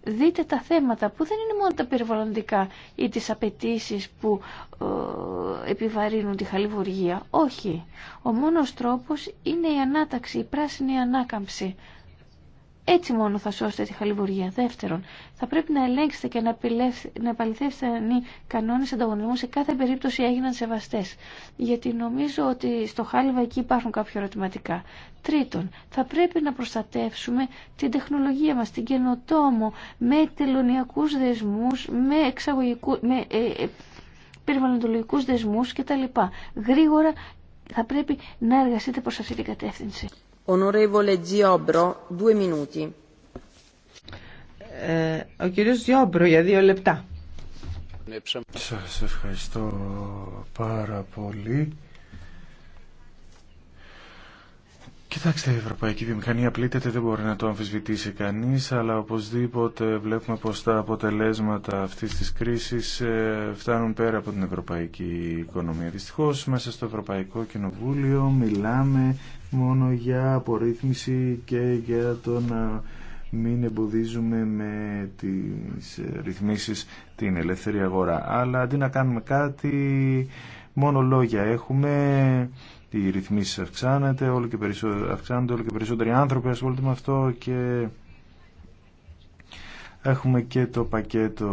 δείτε τα θέματα που δεν είναι μόνο τα περιβαλλοντικά ή τις απαιτήσει που ε, επιβαρύνουν τη χαλιβουργία. Όχι. Ο μόνος τρόπος είναι η ανάταξη, η πράσινη ανάκαμψη. Έτσι μόνο θα σώσετε τη χαλιβουργία. Δεύτερον, θα πρέπει να ελέγξετε και να, να επαληθεύσετε αν οι κανόνε ανταγωνισμού σε κάθε περίπτωση έγιναν σεβαστέ. Γιατί νομίζω ότι στο χάλιβα εκεί υπάρχουν κάποια ερωτηματικά. Τρίτον, θα πρέπει να προστατεύσουμε την τεχνολογία μα, την καινοτόμο, με τελωνιακού δεσμού, με, εξαγωγικού, με ε, ε, περιβαλλοντολογικούς δεσμούς κτλ. Γρήγορα θα πρέπει να εργαστείτε προς αυτή την κατεύθυνση. Ε, ο για δύο λεπτά. Σας ευχαριστώ πάρα πολύ. Κοιτάξτε, η ευρωπαϊκή βιομηχανία πλήττεται, δεν μπορεί να το αμφισβητήσει κανείς, αλλά οπωσδήποτε βλέπουμε πως τα αποτελέσματα αυτής της κρίσης ε, φτάνουν πέρα από την ευρωπαϊκή οικονομία. Δυστυχώς, μέσα στο Ευρωπαϊκό Κοινοβούλιο μιλάμε μόνο για απορρίθμιση και για το να μην εμποδίζουμε με τις ε, ρυθμίσεις την ελεύθερη αγορά. Αλλά αντί να κάνουμε κάτι, μόνο λόγια έχουμε, οι ρυθμίσεις αυξάνονται, όλο και περισσότερο, αυξάνονται, και περισσότεροι άνθρωποι ασχολούνται με αυτό και Έχουμε και το πακέτο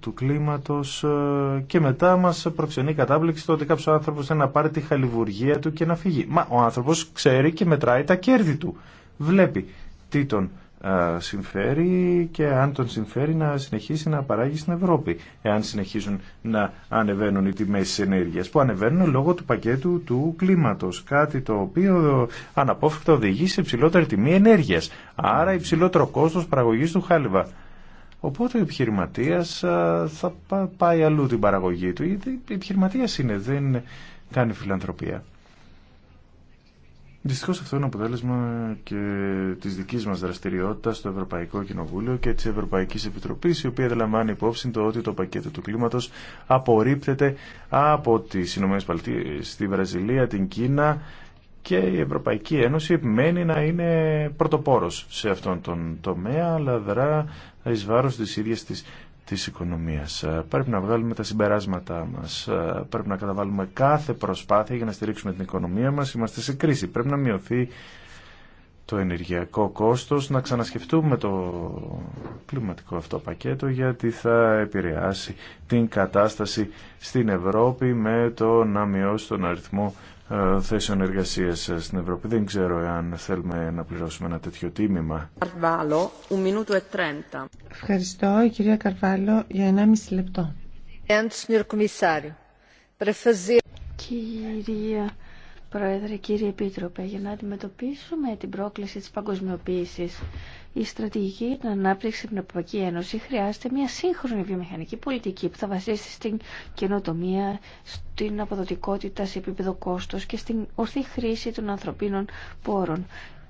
του κλίματος ε, και μετά μας προξενεί κατάπληξη το ότι κάποιος άνθρωπος θέλει να πάρει τη χαλιβουργία του και να φύγει. Μα ο άνθρωπος ξέρει και μετράει τα κέρδη του. Βλέπει τι τον ε, συμφέρει και αν τον συμφέρει να συνεχίσει να παράγει στην Ευρώπη. Εάν συνεχίζουν να ανεβαίνουν οι τιμές της ενέργειας που ανεβαίνουν λόγω του πακέτου του κλίματος. Κάτι το οποίο αναπόφευκτα οδηγεί σε υψηλότερη τιμή ενέργειας. Άρα υψηλότερο κόστος παραγωγής του χάλιβα. Οπότε ο επιχειρηματίας θα πάει αλλού την παραγωγή του. Γιατί επιχειρηματίας είναι, δεν κάνει φιλανθρωπία. Δυστυχώ αυτό είναι αποτέλεσμα και τη δική μα δραστηριότητα, στο Ευρωπαϊκό Κοινοβούλιο και τη Ευρωπαϊκή Επιτροπή, η οποία δεν λαμβάνει υπόψη το ότι το πακέτο του κλίματο απορρίπτεται από τι ΗΠΑ, στη Βραζιλία, την Κίνα και η Ευρωπαϊκή Ένωση επιμένει να είναι πρωτοπόρο σε αυτόν τον τομέα αλλά δρά ει βάρο της ίδιας της, της οικονομίας. Ε, πρέπει να βγάλουμε τα συμπεράσματά μας. Ε, πρέπει να καταβάλουμε κάθε προσπάθεια για να στηρίξουμε την οικονομία μας. Είμαστε σε κρίση. Πρέπει να μειωθεί το ενεργειακό κόστος, να ξανασκεφτούμε το κλιματικό αυτό πακέτο γιατί θα επηρεάσει την κατάσταση στην Ευρώπη με το να μειώσει τον αριθμό ε, θέσεων εργασία ε, στην Ευρώπη. Δεν ξέρω αν θέλουμε να πληρώσουμε ένα τέτοιο τίμημα. E Ευχαριστώ, κυρία Καρβάλο, για 1,5 λεπτό. Κυρία Πρόεδρε, κύριε Επίτροπε, για να αντιμετωπίσουμε την πρόκληση της παγκοσμιοποίησης, η στρατηγική για την ανάπτυξη στην Ευρωπαϊκή Ένωση χρειάζεται μια σύγχρονη βιομηχανική πολιτική που θα βασίσει στην καινοτομία, στην αποδοτικότητα σε επίπεδο κόστος και στην ορθή χρήση των ανθρωπίνων πόρων.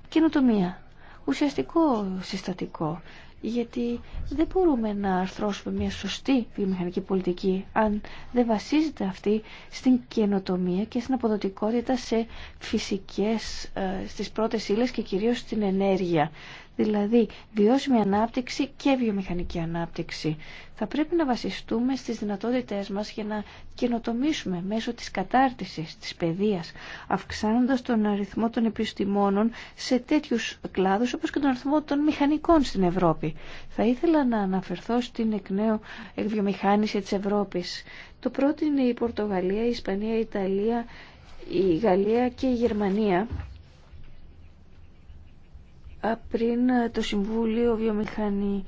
Καινοτομία, ουσιαστικό συστατικό γιατί δεν μπορούμε να αρθρώσουμε μια σωστή βιομηχανική πολιτική αν δεν βασίζεται αυτή στην καινοτομία και στην αποδοτικότητα σε φυσικές, ε, στις πρώτες ύλες και κυρίως στην ενέργεια δηλαδή βιώσιμη ανάπτυξη και βιομηχανική ανάπτυξη. Θα πρέπει να βασιστούμε στις δυνατότητές μας για να καινοτομήσουμε μέσω της κατάρτισης, της παιδείας, αυξάνοντας τον αριθμό των επιστημόνων σε τέτοιους κλάδους όπως και τον αριθμό των μηχανικών στην Ευρώπη. Θα ήθελα να αναφερθώ στην εκ νέου βιομηχάνηση της Ευρώπης. Το πρώτο είναι η Πορτογαλία, η Ισπανία, η Ιταλία, η Γαλλία και η Γερμανία πριν ε, το Συμβούλιο Βιομηχανίας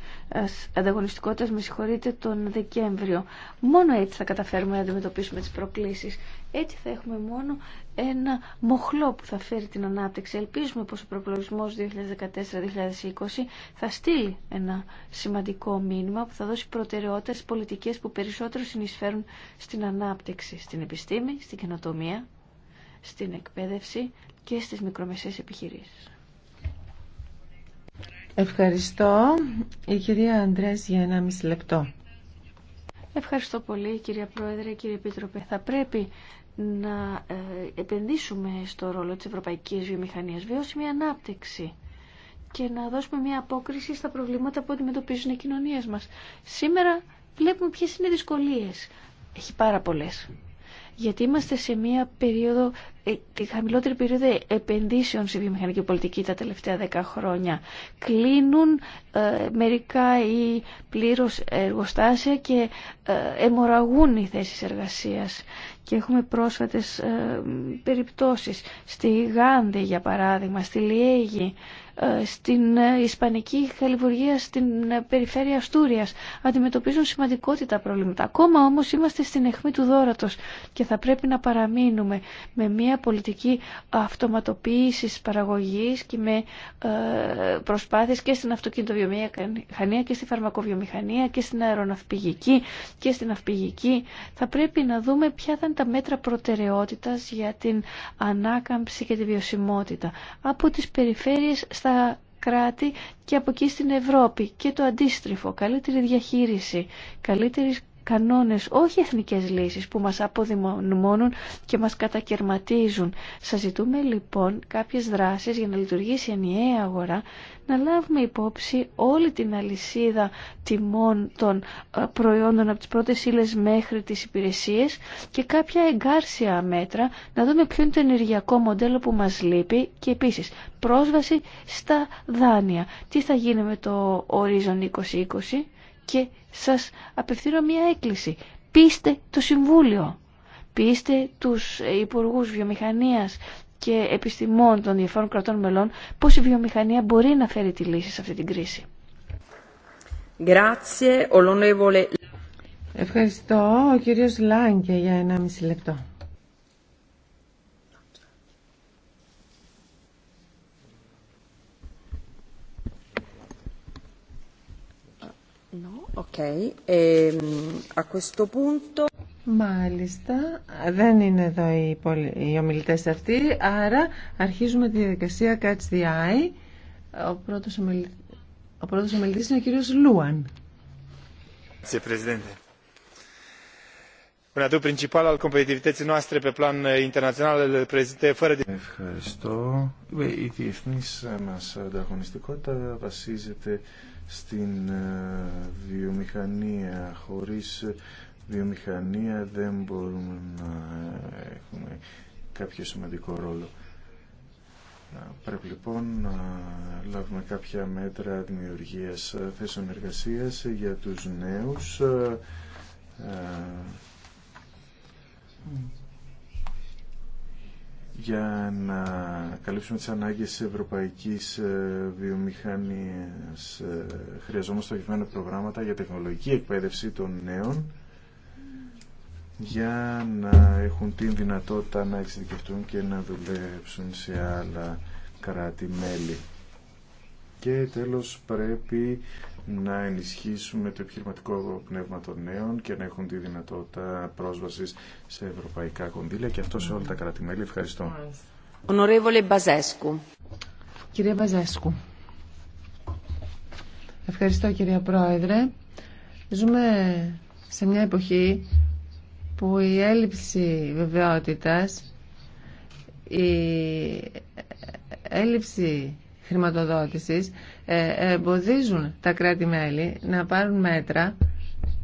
ε, Ανταγωνιστικότητας, με συγχωρείτε, τον Δεκέμβριο. Μόνο έτσι θα καταφέρουμε να αντιμετωπίσουμε τις προκλήσεις. Έτσι θα έχουμε μόνο ένα μοχλό που θα φέρει την ανάπτυξη. Ελπίζουμε πως ο προπολογισμός 2014-2020 θα στείλει ένα σημαντικό μήνυμα που θα δώσει προτεραιότητα στις πολιτικές που περισσότερο συνεισφέρουν στην ανάπτυξη, στην επιστήμη, στην καινοτομία, στην εκπαίδευση και στις μικρομεσαίες επιχειρήσεις. Ευχαριστώ. Η κυρία Αντρές για ένα μισή λεπτό. Ευχαριστώ πολύ κυρία Πρόεδρε, κύριε Επίτροπε. Θα πρέπει να ε, επενδύσουμε στο ρόλο της Ευρωπαϊκής Βιομηχανίας μια ανάπτυξη και να δώσουμε μια απόκριση στα προβλήματα που αντιμετωπίζουν οι κοινωνίες μας. Σήμερα βλέπουμε ποιες είναι οι δυσκολίες. Έχει πάρα πολλές γιατί είμαστε σε μια περίοδο, ε, τη χαμηλότερη περίοδο επενδύσεων στη βιομηχανική πολιτική τα τελευταία δέκα χρόνια. Κλείνουν ε, μερικά ή πλήρως εργοστάσια και ε, εμοραγούν οι θέσεις εργασίας και έχουμε πρόσφατες ε, περιπτώσεις στη Γάνδη για παράδειγμα, στη Λιέγη, ε, στην ε, Ισπανική Χαλιβουργία, στην περιφέρεια Αστούριας αντιμετωπίζουν σημαντικότητα προβλήματα. Ακόμα όμως είμαστε στην αιχμή του δόρατος και θα πρέπει να παραμείνουμε με μια πολιτική αυτοματοποίησης παραγωγής και με προσπάθειες και στην αυτοκινητοβιομηχανία και στη φαρμακοβιομηχανία και στην αεροναυπηγική και στην αυπηγική. Θα πρέπει να δούμε ποια θα τα μέτρα προτεραιότητας για την ανάκαμψη και τη βιωσιμότητα από τις περιφέρειες στα κράτη και από εκεί στην Ευρώπη και το αντίστροφο, καλύτερη διαχείριση, καλύτερη κανόνες, όχι εθνικές λύσεις που μας αποδημονούν και μας κατακαιρματίζουν. Σας ζητούμε λοιπόν κάποιες δράσεις για να λειτουργήσει η ενιαία αγορά, να λάβουμε υπόψη όλη την αλυσίδα τιμών των ε, προϊόντων από τις πρώτες ύλες μέχρι τις υπηρεσίες και κάποια εγκάρσια μέτρα, να δούμε ποιο είναι το ενεργειακό μοντέλο που μας λείπει και επίσης πρόσβαση στα δάνεια. Τι θα γίνει με το Horizon 2020 και σας απευθύνω μία έκκληση. Πείστε το Συμβούλιο, πείστε τους Υπουργούς Βιομηχανίας και Επιστημών των διαφόρων κρατών μελών πώς η βιομηχανία μπορεί να φέρει τη λύση σε αυτή την κρίση. Ευχαριστώ ο κύριος Λάγκε για ένα μισή λεπτό. Ehm, Μάλιστα, δεν είναι εδώ οι, ομιλητές αυτοί, άρα αρχίζουμε τη διαδικασία Catch the Eye. Ο πρώτος, ομιλητής είναι ο κύριος Λούαν. Ευχαριστώ. Η διεθνής μας ανταγωνιστικότητα βασίζεται στην ε, βιομηχανία. Χωρίς ε, βιομηχανία δεν μπορούμε να έχουμε κάποιο σημαντικό ρόλο. Πρέπει λοιπόν να λάβουμε κάποια μέτρα δημιουργίας θέσεων εργασίας για τους νέους ε, mm για να καλύψουμε τις ανάγκες της ευρωπαϊκής ε, βιομηχανίας. Ε, χρειαζόμαστε ορισμένα προγράμματα για τεχνολογική εκπαίδευση των νέων για να έχουν την δυνατότητα να εξειδικευτούν και να δουλέψουν σε άλλα κράτη-μέλη. Και τέλος πρέπει να ενισχύσουμε το επιχειρηματικό πνεύμα των νέων και να έχουν τη δυνατότητα πρόσβασης σε ευρωπαϊκά κονδύλια και αυτό σε όλα τα κρατη Ευχαριστώ. Μπαζέσκου. Κυρία Μπαζέσκου. Ευχαριστώ κυρία Πρόεδρε. Ζούμε σε μια εποχή που η έλλειψη βεβαιότητας, η έλλειψη χρηματοδότησης ε, εμποδίζουν τα κράτη-μέλη να πάρουν μέτρα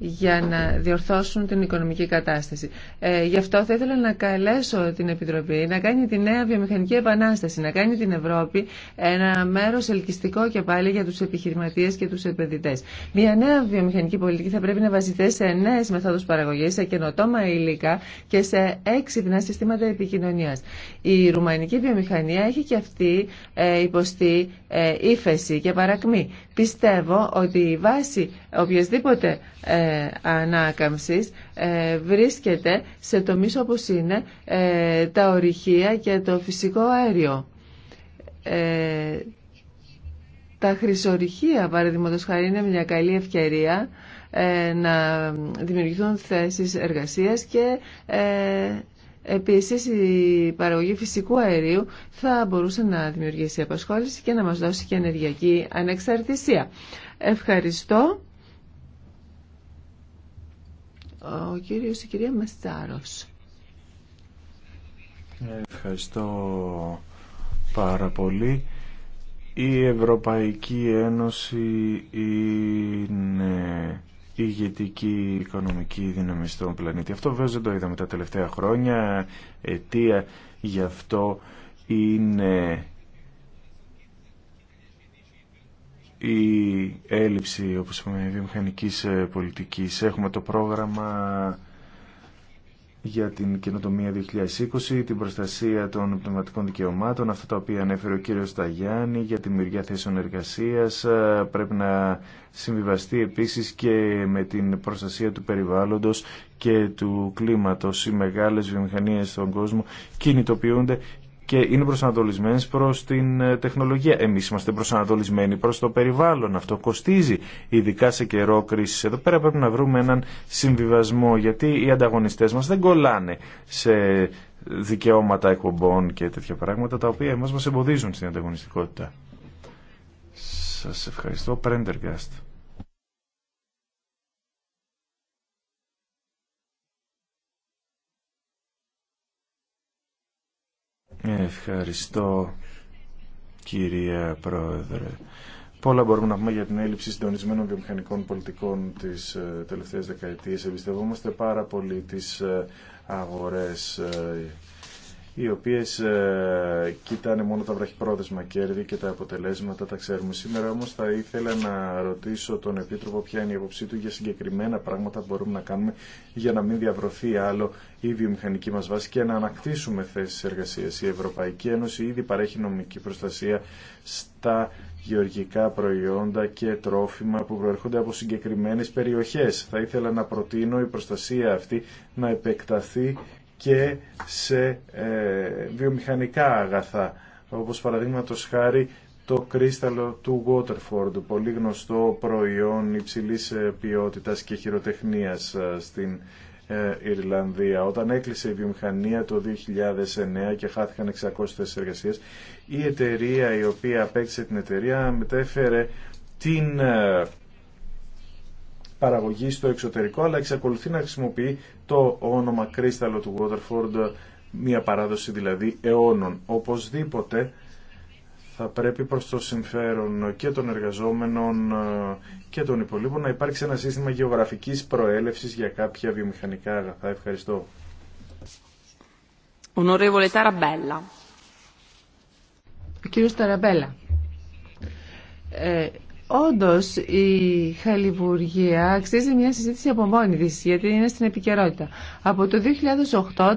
για να διορθώσουν την οικονομική κατάσταση. Ε, γι' αυτό θα ήθελα να καλέσω την Επιτροπή να κάνει τη νέα βιομηχανική επανάσταση, να κάνει την Ευρώπη ένα μέρος ελκυστικό και πάλι για τους επιχειρηματίες και τους επενδυτές. Μια νέα βιομηχανική πολιτική θα πρέπει να βασιστεί σε νέες μεθόδους παραγωγής, σε καινοτόμα υλικά και σε έξυπνα συστήματα επικοινωνίας. Η ρουμανική βιομηχανία έχει και αυτή ε, υποστεί ε, ύφεση και παρακμή. Πιστεύω ότι η βάση οποιασδήποτε ε, ανάκαμψης ε, βρίσκεται σε τομείς όπως είναι ε, τα ορυχεία και το φυσικό αέριο. Ε, τα χρυσορυχεία, παραδείγματο χάρη, είναι μια καλή ευκαιρία να δημιουργηθούν θέσεις εργασίας και Επίσης, η παραγωγή φυσικού αερίου θα μπορούσε να δημιουργήσει απασχόληση και να μας δώσει και ενεργειακή ανεξαρτησία. Ευχαριστώ. Ο κύριος, η κυρία Μαστάρος. Ευχαριστώ πάρα πολύ. Η Ευρωπαϊκή Ένωση είναι ηγετική οικονομική δύναμη στον πλανήτη. Αυτό βέβαια δεν το είδαμε τα τελευταία χρόνια. Αιτία γι' αυτό είναι η έλλειψη, όπως είπαμε, βιομηχανικής ε, πολιτικής. Έχουμε το πρόγραμμα για την καινοτομία 2020, την προστασία των πνευματικών δικαιωμάτων, αυτά τα οποία ανέφερε ο κύριος Σταγιάννη για τη μυρία θέσεων εργασίας. Ε, πρέπει να συμβιβαστεί επίσης και με την προστασία του περιβάλλοντος και του κλίματος. Οι μεγάλες βιομηχανίες στον κόσμο κινητοποιούνται και είναι προσανατολισμένες προ την ε, τεχνολογία. Εμεί είμαστε προσανατολισμένοι προ το περιβάλλον. Αυτό κοστίζει, ειδικά σε καιρό κρίση. Εδώ πέρα πρέπει να βρούμε έναν συμβιβασμό, γιατί οι ανταγωνιστέ μα δεν κολλάνε σε δικαιώματα εκπομπών και τέτοια πράγματα, τα οποία εμάς μας εμποδίζουν στην ανταγωνιστικότητα. Σας ευχαριστώ. Πρέντεργκάστ. Ευχαριστώ κύριε Πρόεδρε. Πολλά μπορούμε να πούμε για την έλλειψη συντονισμένων βιομηχανικών πολιτικών της ε, τελευταίας δεκαετία. Εμπιστευόμαστε πάρα πολύ τι ε, αγορές ε, οι οποίες ε, κοιτάνε μόνο τα βραχυπρόθεσμα κέρδη και τα αποτελέσματα τα ξέρουμε. Σήμερα όμως θα ήθελα να ρωτήσω τον Επίτροπο ποια είναι η απόψή του για συγκεκριμένα πράγματα που μπορούμε να κάνουμε για να μην διαβρωθεί άλλο η βιομηχανική μας βάση και να ανακτήσουμε θέσεις εργασίας. Η Ευρωπαϊκή Ένωση ήδη παρέχει νομική προστασία στα γεωργικά προϊόντα και τρόφιμα που προερχόνται από συγκεκριμένες περιοχές. Θα ήθελα να προτείνω η προστασία αυτή να επεκταθεί και σε ε, βιομηχανικά αγαθά, όπως παραδείγματο χάρη το κρίσταλο του Waterford, πολύ γνωστό προϊόν υψηλής ε, ποιότητας και χειροτεχνίας ε, στην Ιρλανδία. Όταν έκλεισε η βιομηχανία το 2009 και χάθηκαν 600 εργασίες, η εταιρεία η οποία απέκτησε την εταιρεία μετέφερε την παραγωγή στο εξωτερικό, αλλά εξακολουθεί να χρησιμοποιεί το όνομα κρίσταλο του Waterford, μια παράδοση δηλαδή αιώνων. Οπωσδήποτε θα πρέπει προς το συμφέρον και των εργαζόμενων ε, και των υπολείπων να υπάρξει ένα σύστημα γεωγραφικής προέλευσης για κάποια βιομηχανικά αγαθά. Ευχαριστώ. Ονορεύολε Ταραμπέλα. κύριος ε, Όντω η χαλιβουργία αξίζει μια συζήτηση από μόνη της γιατί είναι στην επικαιρότητα. Από το 2008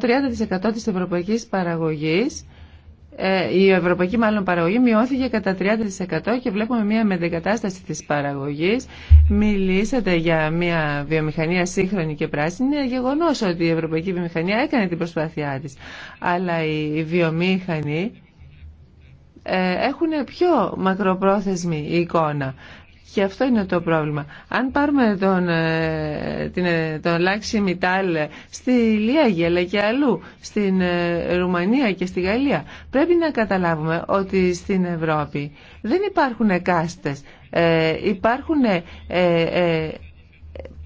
30% της ευρωπαϊκής παραγωγής ε, η ευρωπαϊκή μάλλον παραγωγή μειώθηκε κατά 30% και βλέπουμε μια μετεγκατάσταση της παραγωγής. Μιλήσατε για μια βιομηχανία σύγχρονη και πράσινη. Είναι γεγονός ότι η ευρωπαϊκή βιομηχανία έκανε την προσπάθειά της. Αλλά η βιομηχανή... Ε, έχουν πιο μακροπρόθεσμη εικόνα. Και αυτό είναι το πρόβλημα. Αν πάρουμε τον, ε, την, ε, τον Λάξι Μιτάλ στη Λιάγη αλλά και αλλού, στην Ρουμανία και στη Γαλλία, πρέπει να καταλάβουμε ότι στην Ευρώπη δεν υπάρχουν κάστες. Ε, υπάρχουν ε,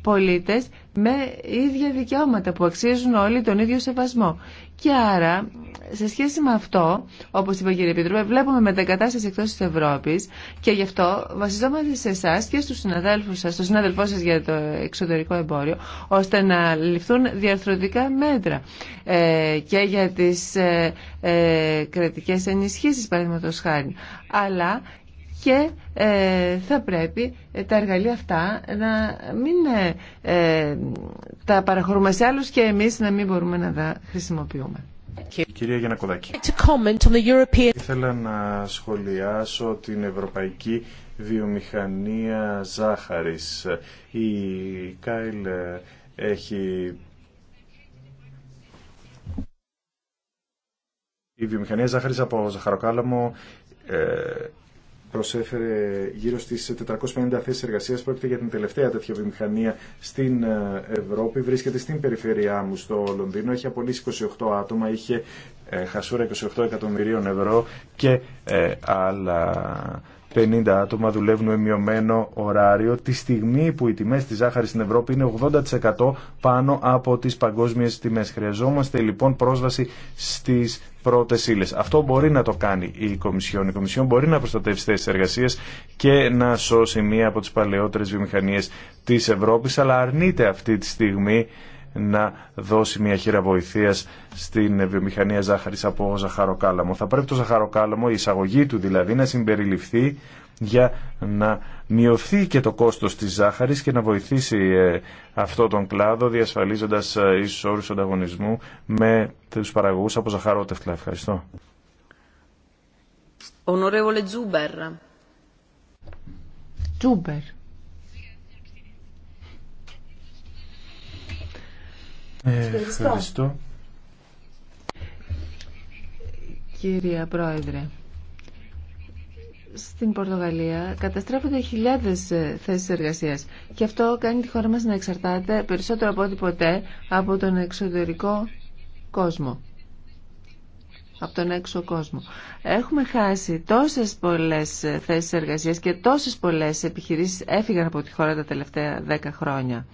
πολίτες με ίδια δικαιώματα που αξίζουν όλοι τον ίδιο σεβασμό. Και άρα, σε σχέση με αυτό, όπω είπε ο κ. Επίτροπε, βλέπουμε μετακατάσταση εκτό τη Ευρώπη και γι' αυτό βασιζόμαστε σε εσά και στου συναδέλφου σα, στους συνάδελφό σα για το εξωτερικό εμπόριο, ώστε να ληφθούν διαρθρωτικά μέτρα ε, και για τι ε, ε, κρατικέ ενισχύσει, παραδείγματο χάρη, αλλά και ε, θα πρέπει ε, τα εργαλεία αυτά να μην ε, τα παραχωρούμε σε άλλους και εμείς να μην μπορούμε να τα χρησιμοποιούμε. Κυρία Γιανακοδάκη, ήθελα να σχολιάσω την ευρωπαϊκή βιομηχανία ζάχαρης. Η Κάιλ έχει η βιομηχανία ζάχαρης από ζαχαροκάλαμο προσέφερε γύρω στις 450 θέσεις εργασίας. Πρόκειται για την τελευταία τέτοια βιομηχανία στην ε, Ευρώπη. Βρίσκεται στην περιφέρειά μου στο Λονδίνο. Έχει απολύσει 28 άτομα. Είχε ε, χασούρα 28 εκατομμυρίων ευρώ και ε, άλλα 50 άτομα δουλεύουν με μειωμένο ωράριο τη στιγμή που οι τιμές της ζάχαρης στην Ευρώπη είναι 80% πάνω από τις παγκόσμιες τιμές. Χρειαζόμαστε λοιπόν πρόσβαση στις αυτό μπορεί να το κάνει η Κομισιόν. Η Κομισιόν μπορεί να προστατεύσει θέσει εργασία και να σώσει μία από τις παλαιότερες βιομηχανίες της Ευρώπης, αλλά αρνείται αυτή τη στιγμή να δώσει μια χείρα βοηθεία παλαιότερε ζάχαρης από ζαχαροκάλαμο. Θα πρέπει το ζαχαροκάλαμο, η εισαγωγή του δηλαδή, να δωσει μια χειρα βοηθεια στην βιομηχανια Ζάχαρη απο ζαχαροκαλαμο θα πρεπει το ζαχαροκαλαμο η εισαγωγη του δηλαδη να συμπεριληφθει για να μειωθεί και το κόστος της ζάχαρης και να βοηθήσει ε, αυτό τον κλάδο διασφαλίζοντας ε, ίσους όρους ανταγωνισμού με τους παραγωγούς από ζαχαρότευτλα. Ευχαριστώ. Ονορεύολε Τζούμπερ. Τζούμπερ. Ε, ευχαριστώ. Κύριε Πρόεδρε, στην Πορτογαλία καταστρέφονται χιλιάδες ε, θέσεις εργασίας και αυτό κάνει τη χώρα μας να εξαρτάται περισσότερο από ό,τι ποτέ από τον εξωτερικό κόσμο από τον έξω κόσμο. Έχουμε χάσει τόσες πολλές ε, θέσεις εργασίας και τόσες πολλές επιχειρήσεις έφυγαν από τη χώρα τα τελευταία δέκα χρόνια.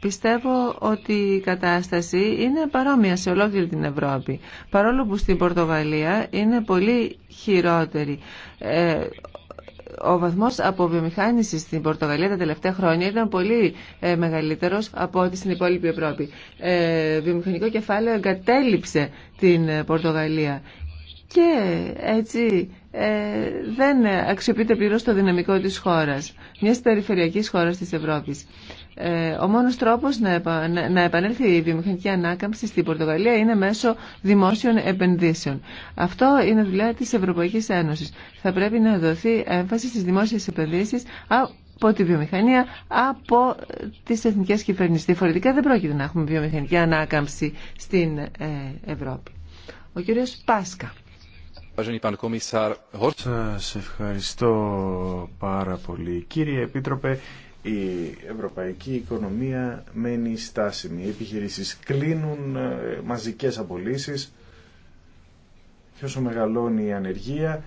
Πιστεύω ότι η κατάσταση είναι παρόμοια σε ολόκληρη την Ευρώπη. Παρόλο που στην Πορτογαλία είναι πολύ χειρότερη. Ε, ο βαθμός αποβιομηχάνησης στην Πορτογαλία τα τελευταία χρόνια ήταν πολύ ε, μεγαλύτερος από ό,τι στην υπόλοιπη Ευρώπη. Ε, βιομηχανικό κεφάλαιο εγκατέλειψε την Πορτογαλία και έτσι δεν αξιοποιείται πλήρως το δυναμικό της χώρας, μιας περιφερειακής χώρας της Ευρώπης. Ε, ο μόνος τρόπος να, επανέλθει η βιομηχανική ανάκαμψη στην Πορτογαλία είναι μέσω δημόσιων επενδύσεων. Αυτό είναι δουλειά της Ευρωπαϊκής Ένωσης. Θα πρέπει να δοθεί έμφαση στις δημόσιες επενδύσεις από τη βιομηχανία, από τις εθνικές κυβερνήσεις. Διαφορετικά δεν πρόκειται να έχουμε βιομηχανική ανάκαμψη στην ε, Ευρώπη. Ο κύριος Πάσκα. Σας ευχαριστώ πάρα πολύ. Κύριε Επίτροπε, η ευρωπαϊκή οικονομία μένει στάσιμη. Οι επιχειρήσεις κλείνουν ε, μαζικές απολύσεις και όσο μεγαλώνει η ανεργία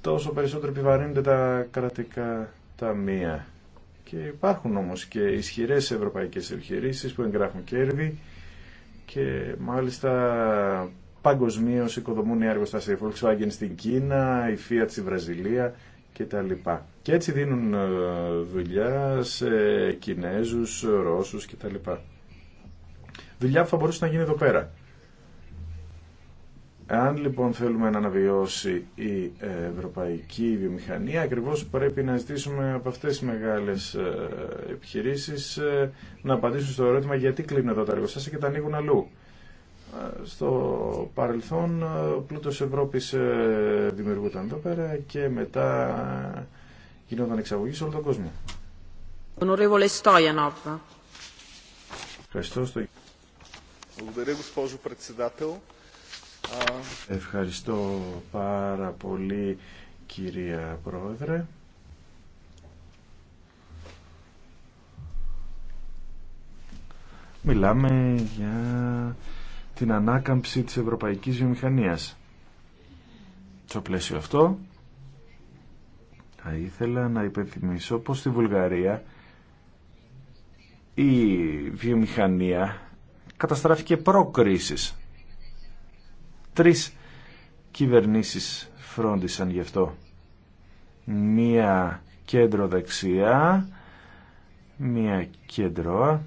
τόσο περισσότερο επιβαρύνονται τα κρατικά ταμεία. Και υπάρχουν όμως και ισχυρές ευρωπαϊκές επιχειρήσεις που εγγράφουν κέρδη και μάλιστα παγκοσμίω οικοδομούν οι εργοστάσια. Η Volkswagen στην Κίνα, η Fiat στη Βραζιλία λοιπά. Και έτσι δίνουν ε, δουλειά σε Κινέζους, Ρώσους κτλ. Δουλειά που θα μπορούσε να γίνει εδώ πέρα. Αν λοιπόν θέλουμε να αναβιώσει η ευρωπαϊκή βιομηχανία, ακριβώς πρέπει να ζητήσουμε από αυτές τις μεγάλες ε, επιχειρήσεις ε, να απαντήσουν στο ερώτημα γιατί κλείνουν εδώ τα εργοστάσια και τα ανοίγουν αλλού στο παρελθόν ε, ο πλούτος Ευρώπης ε, δημιουργούταν εδώ πέρα και μετά γινόταν εξαγωγή σε όλο τον κόσμο. Ευχαριστώ στο... Ευχαριστώ πάρα πολύ κυρία Πρόεδρε. Μιλάμε για την ανάκαμψη της ευρωπαϊκής βιομηχανίας. Στο πλαίσιο αυτό, θα ήθελα να υπενθυμίσω πως στη Βουλγαρία η βιομηχανία καταστράφηκε προ-κρίσης. Τρεις κυβερνήσεις φρόντισαν γι' αυτό. Μία κέντρο δεξιά, μία κέντρο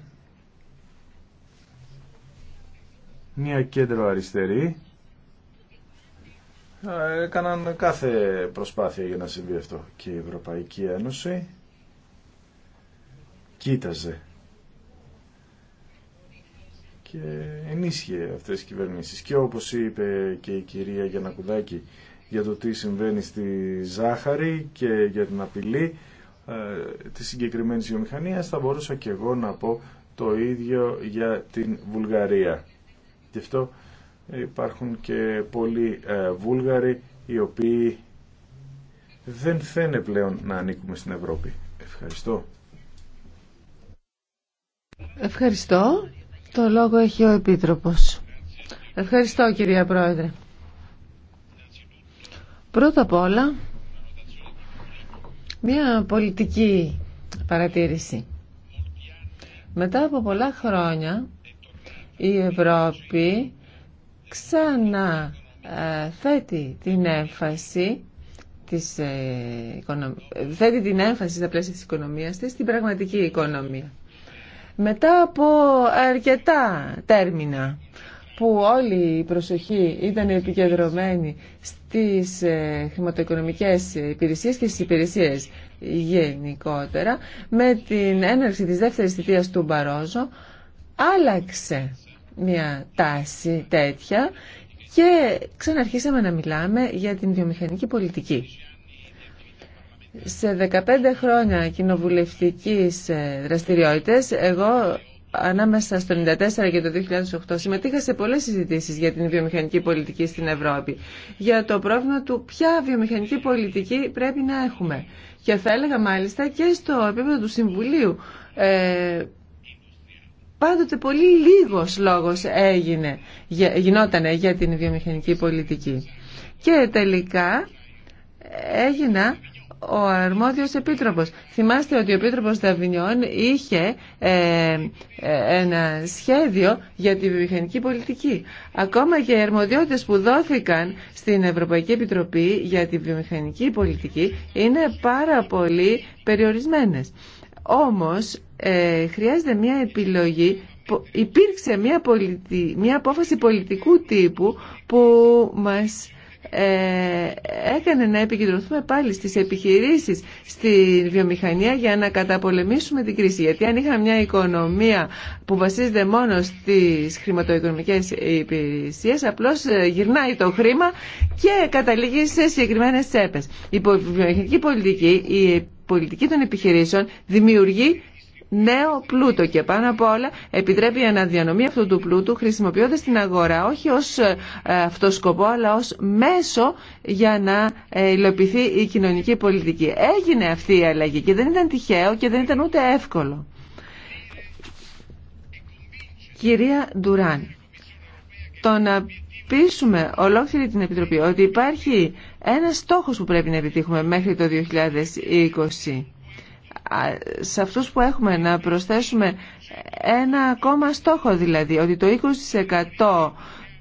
μια κέντρο αριστερή έκαναν κάθε προσπάθεια για να συμβεί αυτό και η Ευρωπαϊκή Ένωση κοίταζε και ενίσχυε αυτές τις κυβερνήσεις και όπως είπε και η κυρία Γιανακουδάκη για το τι συμβαίνει στη ζάχαρη και για την απειλή ε, της συγκεκριμένης βιομηχανίας θα μπορούσα και εγώ να πω το ίδιο για την Βουλγαρία Γι' αυτό υπάρχουν και πολλοί ε, Βούλγαροι οι οποίοι δεν θένε πλέον να ανήκουμε στην Ευρώπη. Ευχαριστώ. Ευχαριστώ. Το λόγο έχει ο Επίτροπος. Ευχαριστώ κυρία Πρόεδρε. Πρώτα απ' όλα, μια πολιτική παρατήρηση. Μετά από πολλά χρόνια η Ευρώπη ξανά ε, θέτει την έμφαση της, ε, θέτει την έμφαση στα πλαίσια της οικονομίας της στην πραγματική οικονομία. Μετά από αρκετά τέρμινα που όλη η προσοχή ήταν επικεντρωμένη στις ε, χρηματοοικονομικές υπηρεσίες και στις υπηρεσίες γενικότερα, με την έναρξη της δεύτερης θητείας του Μπαρόζο άλλαξε μια τάση τέτοια και ξαναρχίσαμε να μιλάμε για την βιομηχανική πολιτική. Σε 15 χρόνια κοινοβουλευτικής ε, δραστηριότητας, εγώ ανάμεσα στο 1994 και το 2008 συμμετείχα σε πολλές συζητήσεις για την βιομηχανική πολιτική στην Ευρώπη. Για το πρόβλημα του ποια βιομηχανική πολιτική πρέπει να έχουμε. Και θα έλεγα μάλιστα και στο επίπεδο του Συμβουλίου ε, πάντοτε πολύ λίγος λόγος έγινε, γινότανε για την βιομηχανική πολιτική. Και τελικά έγινα ο αρμόδιος επίτροπος. Θυμάστε ότι ο επίτροπος Δαβινιών είχε ε, ε, ένα σχέδιο για τη βιομηχανική πολιτική. Ακόμα και οι αρμοδιότητες που δόθηκαν στην Ευρωπαϊκή Επιτροπή για τη βιομηχανική πολιτική είναι πάρα πολύ περιορισμένες. Όμως ε, χρειάζεται μια επιλογή υπήρξε μια, πολιτι... μια απόφαση πολιτικού τύπου που μας ε, έκανε να επικεντρωθούμε πάλι στις επιχειρήσεις, στη βιομηχανία για να καταπολεμήσουμε την κρίση. Γιατί αν είχαμε μια οικονομία που βασίζεται μόνο στις χρηματοοικονομικές υπηρεσίες, απλώς ε, γυρνάει το χρήμα και καταλήγει σε συγκεκριμένες τσέπες. Η βιομηχανική πολιτική, η πολιτική των επιχειρήσεων δημιουργεί νέο πλούτο και πάνω απ' όλα επιτρέπει η αναδιανομή αυτού του πλούτου χρησιμοποιώντας την αγορά όχι ως ε, αυτό σκοπό αλλά ως μέσο για να ε, υλοποιηθεί η κοινωνική πολιτική. Έγινε αυτή η αλλαγή και δεν ήταν τυχαίο και δεν ήταν ούτε εύκολο. Κυρία Ντουράν, το να πείσουμε ολόκληρη την Επιτροπή ότι υπάρχει ένας στόχος που πρέπει να επιτύχουμε μέχρι το 2020 σε αυτούς που έχουμε να προσθέσουμε ένα ακόμα στόχο δηλαδή ότι το 20%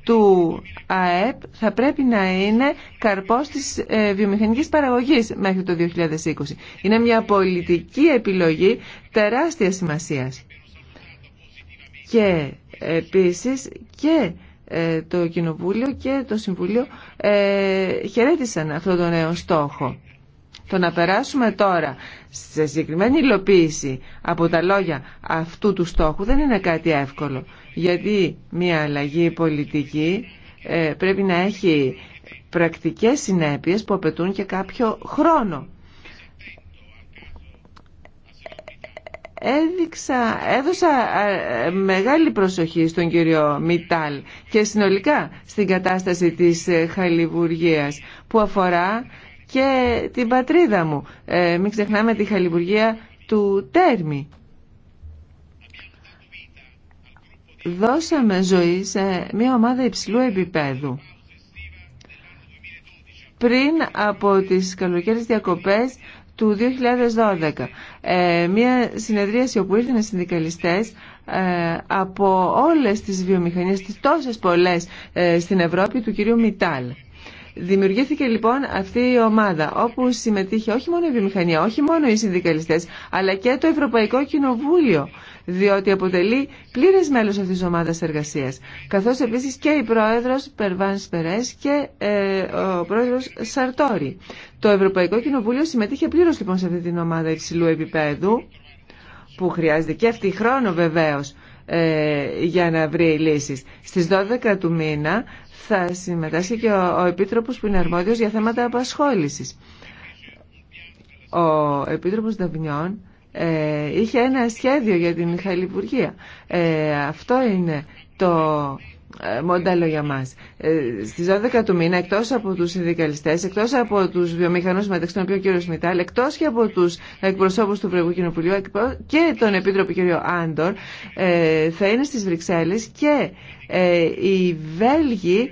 του ΑΕΠ θα πρέπει να είναι καρπός της ε, βιομηχανικής παραγωγής μέχρι το 2020. Είναι μια πολιτική επιλογή τεράστια σημασίας. Και επίσης και ε, το Κοινοβούλιο και το Συμβούλιο ε, χαιρέτησαν αυτό το νέο στόχο. Το να περάσουμε τώρα σε συγκεκριμένη υλοποίηση από τα λόγια αυτού του στόχου δεν είναι κάτι εύκολο. Γιατί μια αλλαγή πολιτική ε, πρέπει να έχει πρακτικές συνέπειες που απαιτούν και κάποιο χρόνο. Έδειξα, έδωσα ε, μεγάλη προσοχή στον κύριο Μιτάλ και συνολικά στην κατάσταση της ε, χαλιβουργίας που αφορά και την πατρίδα μου. Ε, μην ξεχνάμε τη χαλιβουργία του Τέρμη. Δώσαμε ζωή σε μια ομάδα υψηλού επίπεδου. Πριν από τις καλοκαίρες διακοπές του 2012. Ε, μια συνεδρίαση όπου ήρθαν συνδικαλιστές ε, από όλες τις βιομηχανίες, τις τόσες πολλές στην Ευρώπη του κυρίου Μιτάλ. Δημιουργήθηκε λοιπόν αυτή η ομάδα όπου συμμετείχε όχι μόνο η βιομηχανία, όχι μόνο οι συνδικαλιστές αλλά και το Ευρωπαϊκό Κοινοβούλιο διότι αποτελεί πλήρες μέλος αυτής της ομάδας εργασίας καθώς επίσης και η πρόεδρος Περβάν Σπερές και ε, ο πρόεδρος Σαρτόρη. Το Ευρωπαϊκό Κοινοβούλιο συμμετείχε πλήρως λοιπόν σε αυτή την ομάδα υψηλού επίπεδου που χρειάζεται και αυτή χρόνο βεβαίως ε, για να βρει λύσεις. Στις 12 του μήνα θα συμμετάσχει και ο, ο Επίτροπος που είναι αρμόδιος για θέματα απασχόλησης. Ο Επίτροπος Νταβνιών ε, είχε ένα σχέδιο για την Μιχαηλυπουργία. Ε, αυτό είναι το ε, μοντέλο για μας. Ε, στις 12 του μήνα, εκτό από του συνδικαλιστέ, εκτό από του βιομηχανού μεταξύ των οποίων ο κ. Μιτάλ, εκτό και από του εκπροσώπους του Βρεγού Κοινοβουλίου και τον Επίτροπο κύριο Άντορ, ε, θα είναι στι Βρυξέλλες και οι Βέλγοι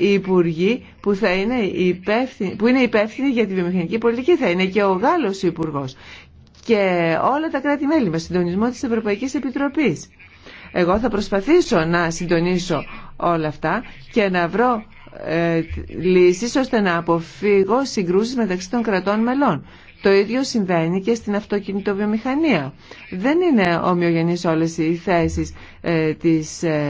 οι υπουργοί που, θα είναι υπεύθυνοι, που είναι υπεύθυνοι για τη βιομηχανική πολιτική θα είναι και ο Γάλλος υπουργός και όλα τα κράτη-μέλη με συντονισμό της Ευρωπαϊκής Επιτροπής. Εγώ θα προσπαθήσω να συντονίσω όλα αυτά και να βρω ε, λύσεις ώστε να αποφύγω συγκρούσεις μεταξύ των κρατών μελών. Το ίδιο συμβαίνει και στην αυτοκινητοβιομηχανία. Δεν είναι ομοιογενείς όλες οι θέσεις ε, της ε,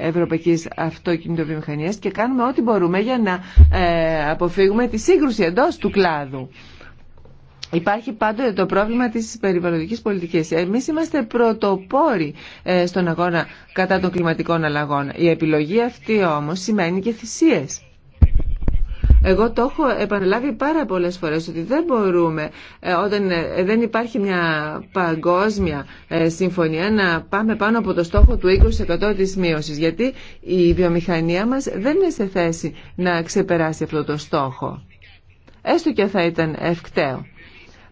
ευρωπαϊκής αυτοκινητοβιομηχανίας και κάνουμε ό,τι μπορούμε για να ε, αποφύγουμε τη σύγκρουση εντός του κλάδου. Υπάρχει πάντοτε το πρόβλημα της περιβαλλοντικής πολιτικής. Εμείς είμαστε πρωτοπόροι ε, στον αγώνα κατά των κλιματικών αλλαγών. Η επιλογή αυτή όμως σημαίνει και θυσίες. Εγώ το έχω επαναλάβει πάρα πολλές φορές ότι δεν μπορούμε ε, όταν ε, δεν υπάρχει μια παγκόσμια συμφωνία να πάμε πάνω από το στόχο του 20% της μείωσης γιατί η βιομηχανία μας δεν είναι σε θέση να ξεπεράσει αυτό το στόχο. Έστω και θα ήταν ευκταίο.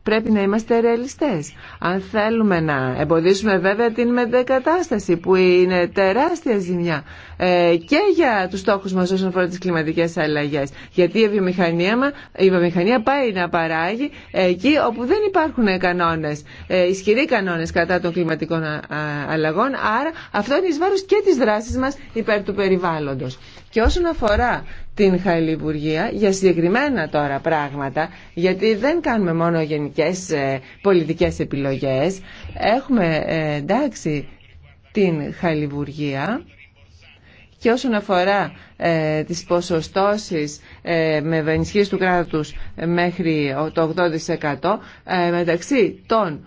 Πρέπει να είμαστε ρεαλιστές. Αν θέλουμε να εμποδίσουμε βέβαια την μετεκατάσταση που είναι τεράστια ζημιά ε, και για τους στόχους μας όσον αφορά τις κλιματικές αλλαγές. Γιατί η βιομηχανία, η βιομηχανία πάει να παράγει εκεί όπου δεν υπάρχουν κανόνες, ε, ισχυροί κανόνες κατά των κλιματικών αλλαγών. Άρα αυτό είναι εις βάρος και της δράσης μας υπέρ του περιβάλλοντος. Και όσον αφορά την χαλιβουργία, για συγκεκριμένα τώρα πράγματα, γιατί δεν κάνουμε μόνο γενικές ε, πολιτικές επιλογές, έχουμε ε, εντάξει την χαλιβουργία και όσον αφορά ε, τις ποσοστώσεις ε, με ενισχύσεις του κράτους μέχρι το 80% μεταξύ των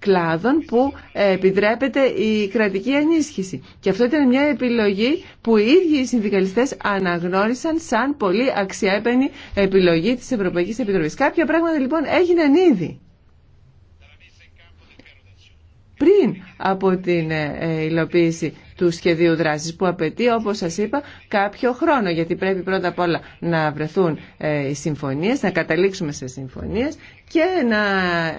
κλάδων που ε, επιτρέπεται η κρατική ενίσχυση. Και αυτό ήταν μια επιλογή που οι ίδιοι οι συνδικαλιστές αναγνώρισαν σαν πολύ αξιέπαινη επιλογή της Ευρωπαϊκής Επιτροπής. Κάποια πράγματα λοιπόν έγιναν ήδη. Πριν από την ε, υλοποίηση του σχεδίου δράση που απαιτεί, όπως σας είπα, κάποιο χρόνο γιατί πρέπει πρώτα απ' όλα να βρεθούν ε, οι συμφωνίες, να καταλήξουμε σε συμφωνίες και να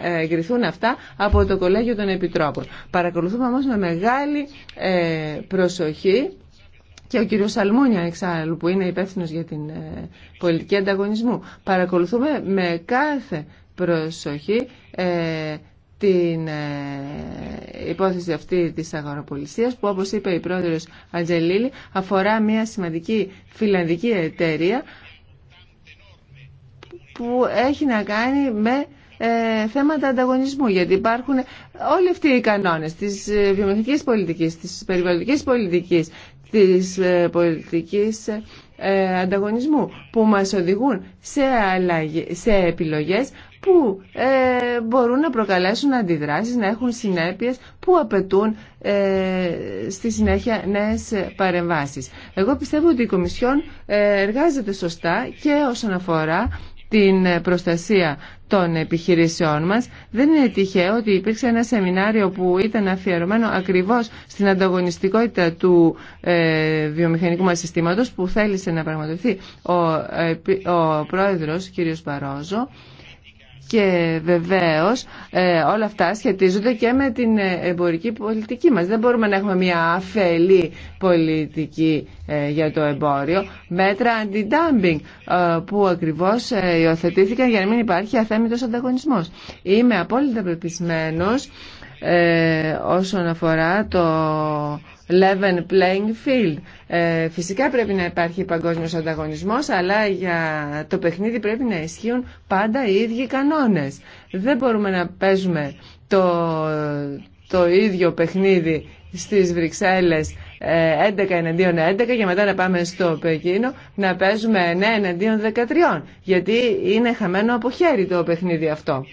ε, εγκριθούν αυτά από το Κολέγιο των Επιτρόπων. Παρακολουθούμε όμω με μεγάλη ε, προσοχή και ο κύριος Σαλμούνια εξάλλου που είναι υπεύθυνο για την πολιτική ανταγωνισμού. Παρακολουθούμε με κάθε προσοχή την ε, υπόθεση αυτή της αγοροπολισίας που όπως είπε η πρόεδρος Αντζελίλη αφορά μια σημαντική φιλανδική εταιρεία που έχει να κάνει με ε, θέματα ανταγωνισμού γιατί υπάρχουν όλοι αυτοί οι κανόνες της ε, βιομηχανικής πολιτικής, της περιβαλλοντικής πολιτικής, της πολιτικής ανταγωνισμού που μας οδηγούν σε, αλλαγή, σε επιλογές που ε, μπορούν να προκαλέσουν αντιδράσεις, να έχουν συνέπειες που απαιτούν ε, στη συνέχεια νέες παρεμβάσεις. Εγώ πιστεύω ότι η Κομισιόν ε, εργάζεται σωστά και όσον αφορά την προστασία των επιχειρήσεών μας. Δεν είναι τυχαίο ότι υπήρξε ένα σεμινάριο που ήταν αφιερωμένο ακριβώς στην ανταγωνιστικότητα του ε, βιομηχανικού μας συστήματος που θέλησε να πραγματοποιηθεί ο, ε, πρόεδρος Παρόζο και βεβαίως ε, όλα αυτά σχετίζονται και με την ε, εμπορική πολιτική μας. Δεν μπορούμε να έχουμε μια αφελή πολιτική ε, για το εμπόριο. Μέτρα αντι-dumping που ακριβώς υιοθετήθηκαν για να μην υπάρχει αθέμητο ανταγωνισμό. Είμαι απόλυτα ε, όσον αφορά το level playing field. Ε, φυσικά πρέπει να υπάρχει παγκόσμιο ανταγωνισμός, αλλά για το παιχνίδι πρέπει να ισχύουν πάντα οι ίδιοι κανόνες. Δεν μπορούμε να παίζουμε το, το ίδιο παιχνίδι στις Βρυξέλλες 11 ε, εναντίον 11 και μετά να πάμε στο Πεκίνο να παίζουμε 9 εναντίον 13 γιατί είναι χαμένο από χέρι το παιχνίδι αυτό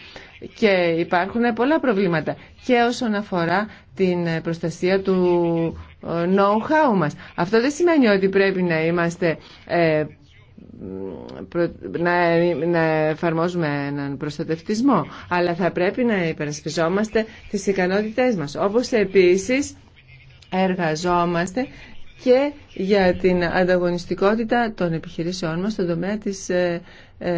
και υπάρχουν πολλά προβλήματα και όσον αφορά την προστασία του ε, know-how μας. Αυτό δεν σημαίνει ότι πρέπει να είμαστε ε, να εφαρμόζουμε έναν προστατευτισμό αλλά θα πρέπει να υπερασπιζόμαστε τις ικανότητές μας όπως επίσης εργαζόμαστε και για την ανταγωνιστικότητα των επιχειρήσεών μας στον τομέα της ε, ε,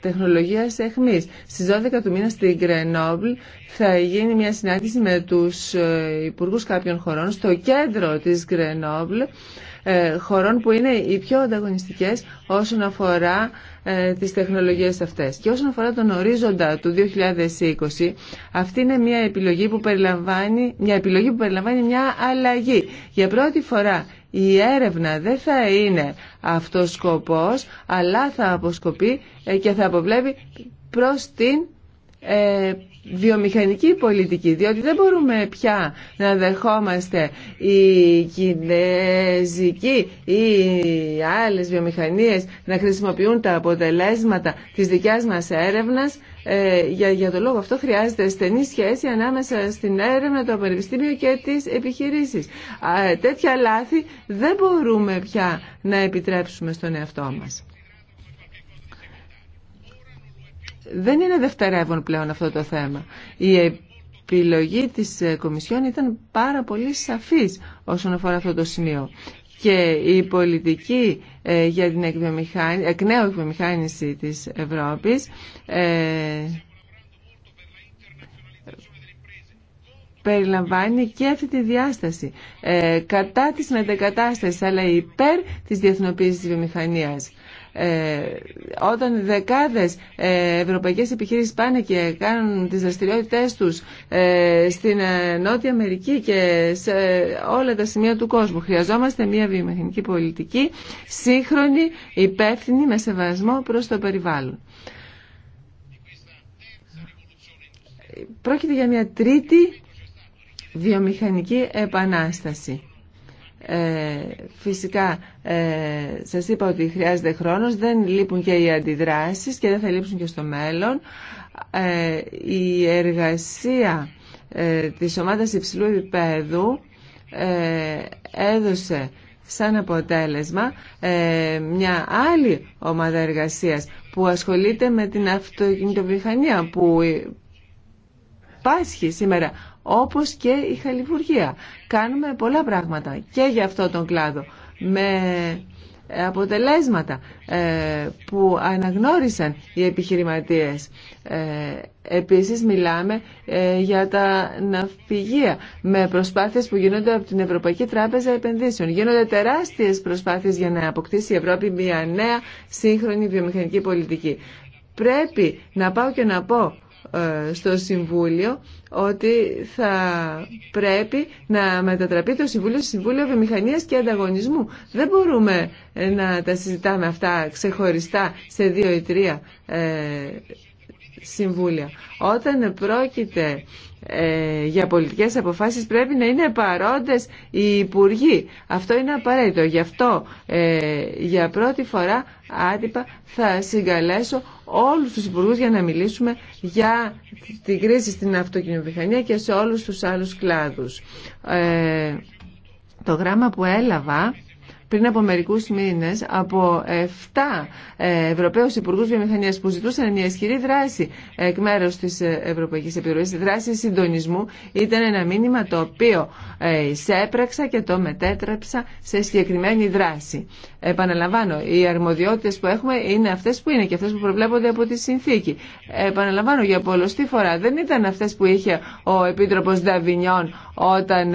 τεχνολογίας εχμής. Στις 12 του μήνα στην Γκρενόμπλ θα γίνει μια συνάντηση με τους ε, υπουργούς κάποιων χωρών στο κέντρο της Γκρενόμπλ, χωρών που είναι οι πιο ανταγωνιστικές όσον αφορά ε, τις τεχνολογίες αυτές. Και όσον αφορά τον ορίζοντα του 2020, αυτή είναι μια επιλογή που περιλαμβάνει μια, επιλογή που περιλαμβάνει μια αλλαγή. Για πρώτη φορά η έρευνα δεν θα είναι αυτός σκοπός, αλλά θα αποσκοπεί ε, και θα αποβλέπει προς την ε, βιομηχανική πολιτική, διότι δεν μπορούμε πια να δεχόμαστε οι κίνεζικοί ή οι άλλες βιομηχανίες να χρησιμοποιούν τα αποτελέσματα της δικιάς μας έρευνας ε, για, για τον λόγο αυτό χρειάζεται στενή σχέση ανάμεσα στην έρευνα, το πανεπιστήμιο και τις επιχειρήσεις. τέτοια λάθη δεν μπορούμε πια να επιτρέψουμε στον εαυτό μας. Δεν είναι δευτερεύον πλέον αυτό το θέμα. Η επιλογή της ε, Κομισιόν ήταν πάρα πολύ σαφής όσον αφορά αυτό το σημείο. Και η πολιτική ε, για την εκ νέου εκβιομηχάνηση της Ευρώπης ε, περιλαμβάνει και αυτή τη διάσταση κατά της μετεκατάστασης αλλά υπέρ της διεθνοποίησης της βιομηχανίας. Ε, όταν δεκάδες ε, ευρωπαϊκές επιχειρήσεις πάνε και κάνουν τις δραστηριότητές τους ε, στην Νότια Αμερική και σε όλα τα σημεία του κόσμου. Χρειαζόμαστε μια βιομηχανική πολιτική σύγχρονη, υπεύθυνη, με σεβασμό προς το περιβάλλον. Πρόκειται για μια τρίτη βιομηχανική επανάσταση ε, φυσικά ε, σας είπα ότι χρειάζεται χρόνος, δεν λείπουν και οι αντιδράσεις και δεν θα λείψουν και στο μέλλον. Ε, η εργασία ε, της ομάδας υψηλού επίπεδου έδωσε σαν αποτέλεσμα μια άλλη ομάδα εργασίας που ασχολείται με την αυτοκινητοβιχανία που πάσχει σήμερα, όπως και η χαλιβουργία. Κάνουμε πολλά πράγματα και για αυτό τον κλάδο, με αποτελέσματα ε, που αναγνώρισαν οι επιχειρηματίες. Ε, επίσης μιλάμε ε, για τα ναυπηγεία με προσπάθειες που γίνονται από την Ευρωπαϊκή Τράπεζα Επενδύσεων. Γίνονται τεράστιες προσπάθειες για να αποκτήσει η Ευρώπη μια νέα σύγχρονη βιομηχανική πολιτική. Πρέπει να πάω και να πω ε, στο Συμβούλιο ότι θα πρέπει να μετατραπεί το Συμβούλιο σε Συμβούλιο Βιομηχανίας και Ανταγωνισμού. Δεν μπορούμε να τα συζητάμε αυτά ξεχωριστά σε δύο ή τρία ε, συμβούλια. Όταν πρόκειται ε, για πολιτικές αποφάσεις πρέπει να είναι παρόντες οι υπουργοί. Αυτό είναι απαραίτητο. Γι' αυτό ε, για πρώτη φορά άτυπα θα συγκαλέσω όλους τους υπουργούς για να μιλήσουμε για την κρίση στην αυτοκινητοβιομηχανία και σε όλους τους άλλους κλάδους. Ε, το γράμμα που έλαβα πριν από μερικούς μήνες από 7 ε, Ευρωπαίους Υπουργούς Βιομηχανίας που ζητούσαν μια ισχυρή δράση εκ μέρους της ε, Ευρωπαϊκής Επιτροπής, δράση συντονισμού, ήταν ένα μήνυμα το οποίο ε, εισέπραξα και το μετέτρεψα σε συγκεκριμένη δράση. Επαναλαμβάνω, οι αρμοδιότητες που έχουμε είναι αυτές που είναι και αυτές που προβλέπονται από τη συνθήκη. Επαναλαμβάνω, για πολλωστή φορά δεν ήταν αυτές που είχε ο Επίτροπος Νταβινιόν όταν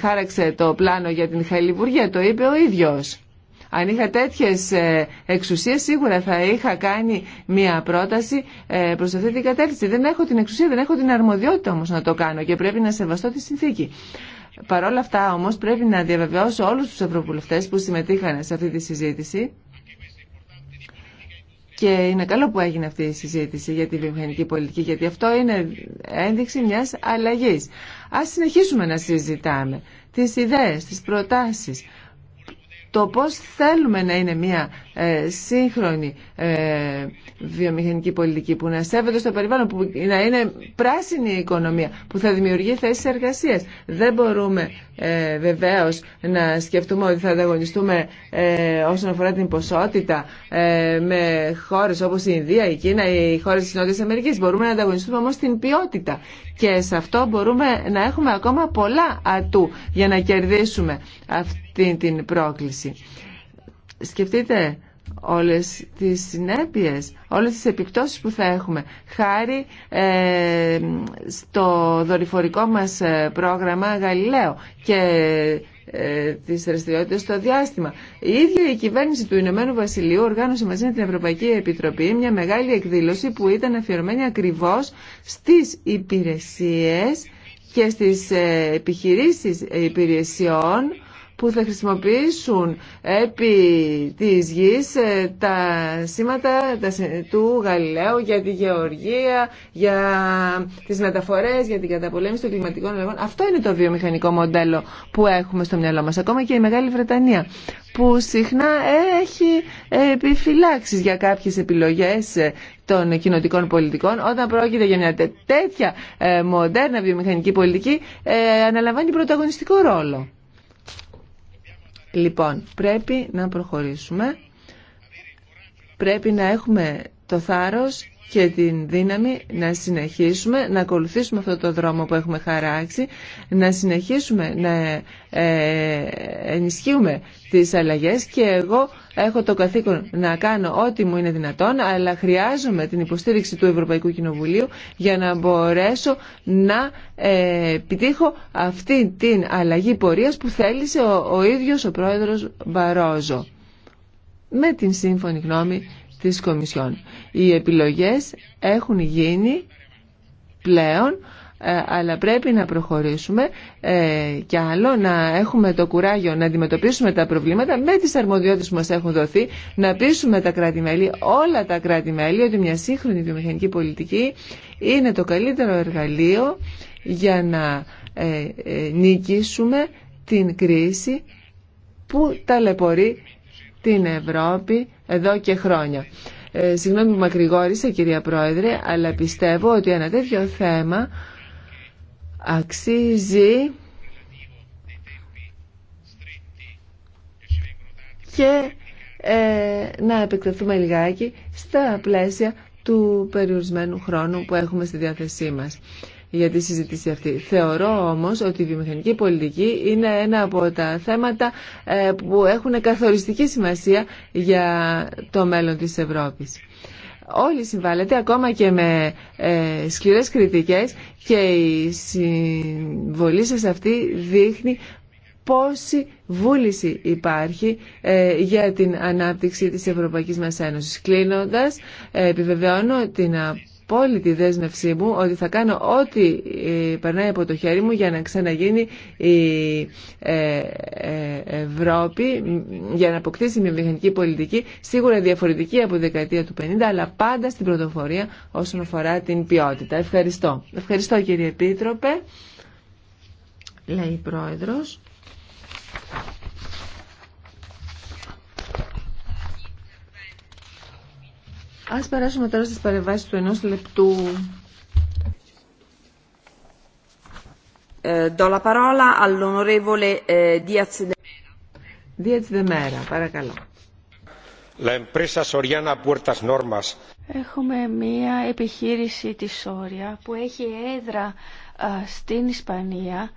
χάραξε το πλάνο για την Χαλιβουργία. Το είπε ίδιος. Αν είχα τέτοιε ε, εξουσίες σίγουρα θα είχα κάνει μια πρόταση ε, προ αυτή την κατεύθυνση. Δεν έχω την εξουσία, δεν έχω την αρμοδιότητα όμως να το κάνω και πρέπει να σεβαστώ τη συνθήκη. Παρ' όλα αυτά όμως πρέπει να διαβεβαιώσω όλους τους ευρωβουλευτέ που συμμετείχαν σε αυτή τη συζήτηση και είναι καλό που έγινε αυτή η συζήτηση για τη βιομηχανική πολιτική, γιατί αυτό είναι ένδειξη μια αλλαγή. Α συνεχίσουμε να συζητάμε τι ιδέε, τι προτάσει το πώς θέλουμε να είναι μια ε, σύγχρονη ε, βιομηχανική πολιτική που να σέβεται στο περιβάλλον, που να είναι πράσινη η οικονομία, που θα δημιουργεί θέσεις εργασίας. Δεν μπορούμε ε, βεβαίως να σκεφτούμε ότι θα ανταγωνιστούμε ε, όσον αφορά την ποσότητα με χώρες όπως η Ινδία, η Κίνα, οι χώρες της Νότιας Αμερικής. Μπορούμε να ανταγωνιστούμε όμως την ποιότητα. Και σε αυτό μπορούμε να έχουμε ακόμα πολλά ατού για να κερδίσουμε αυτή την πρόκληση. Σκεφτείτε όλες τις συνέπειες, όλες τις επιπτώσεις που θα έχουμε χάρη ε, στο δορυφορικό μας ε, πρόγραμμα Γαλιλαίο και ε, τις στο διάστημα. Η ίδια η κυβέρνηση του Ηνωμένου Βασιλείου οργάνωσε μαζί με την Ευρωπαϊκή Επιτροπή μια μεγάλη εκδήλωση που ήταν αφιερωμένη ακριβώς στις υπηρεσίες και στις ε, επιχειρήσεις ε, υπηρεσιών που θα χρησιμοποιήσουν επί της γης ε, τα σήματα του Γαλιλαίου για τη γεωργία, για τις μεταφορές, για την καταπολέμηση των κλιματικών αλλαγών. Αυτό είναι το βιομηχανικό μοντέλο που έχουμε στο μυαλό μας. Ακόμα και η Μεγάλη Βρετανία που συχνά έχει επιφυλάξεις για κάποιες επιλογές ε, των κοινοτικών πολιτικών. Όταν πρόκειται για μια τέτοια ε, μοντέρνα βιομηχανική πολιτική, αναλαμβάνει πρωταγωνιστικό ρόλο. Λοιπόν, πρέπει να προχωρήσουμε, πρέπει να έχουμε το θάρρος και την δύναμη να συνεχίσουμε, να ακολουθήσουμε αυτό το δρόμο που έχουμε χαράξει, να συνεχίσουμε να ε, ενισχύουμε τις αλλαγές και εγώ έχω το καθήκον να κάνω ό,τι μου είναι δυνατόν, αλλά χρειάζομαι την υποστήριξη του Ευρωπαϊκού Κοινοβουλίου για να μπορέσω να ε, επιτύχω αυτή την αλλαγή πορείας που θέλησε ο, ο ίδιος ο πρόεδρος Μπαρόζο με την σύμφωνη γνώμη της Κομισιόν. Οι επιλογές έχουν γίνει πλέον ε, αλλά πρέπει να προχωρήσουμε ε, και άλλο να έχουμε το κουράγιο να αντιμετωπίσουμε τα προβλήματα με τις αρμοδιότητες που μας έχουν δοθεί, να πείσουμε τα κράτη-μέλη, όλα τα κράτη-μέλη, ότι μια σύγχρονη βιομηχανική πολιτική είναι το καλύτερο εργαλείο για να ε, νικήσουμε την κρίση που ταλαιπωρεί την Ευρώπη εδώ και χρόνια. Ε, συγγνώμη που μακρηγόρησα κυρία Πρόεδρε, αλλά πιστεύω ότι ένα τέτοιο θέμα αξίζει και ε, να επεκταθούμε λιγάκι στα πλαίσια του περιορισμένου χρόνου που έχουμε στη διάθεσή μας για τη συζήτηση αυτή. Θεωρώ όμως ότι η βιομηχανική πολιτική είναι ένα από τα θέματα ε, που έχουν καθοριστική σημασία για το μέλλον της Ευρώπης. Όλοι συμβάλλετε, ακόμα και με ε, σκληρές κριτικές και η συμβολή σας αυτή δείχνει πόση βούληση υπάρχει ε, για την ανάπτυξη της Ευρωπαϊκής μας Κλείνοντας, ε, επιβεβαιώνω την τη δέσμευσή μου ότι θα κάνω ό,τι ε, περνάει από το χέρι μου για να ξαναγίνει η ε, ε, Ευρώπη, για να αποκτήσει μια μηχανική πολιτική, σίγουρα διαφορετική από τη δεκαετία του 50, αλλά πάντα στην πρωτοφορία όσον αφορά την ποιότητα. Ευχαριστώ. Ευχαριστώ κύριε Επίτροπε, λέει η Πρόεδρος. Ας περάσουμε τώρα στις παρεμβάσεις του ενός λεπτού. Ε, do la parola all'onorevole ε, Diaz de Mera. Diaz de Mera, παρακαλώ. La empresa Soriana Puertas Normas. Έχουμε μία επιχείρηση της Σόρια που έχει έδρα στην Ισπανία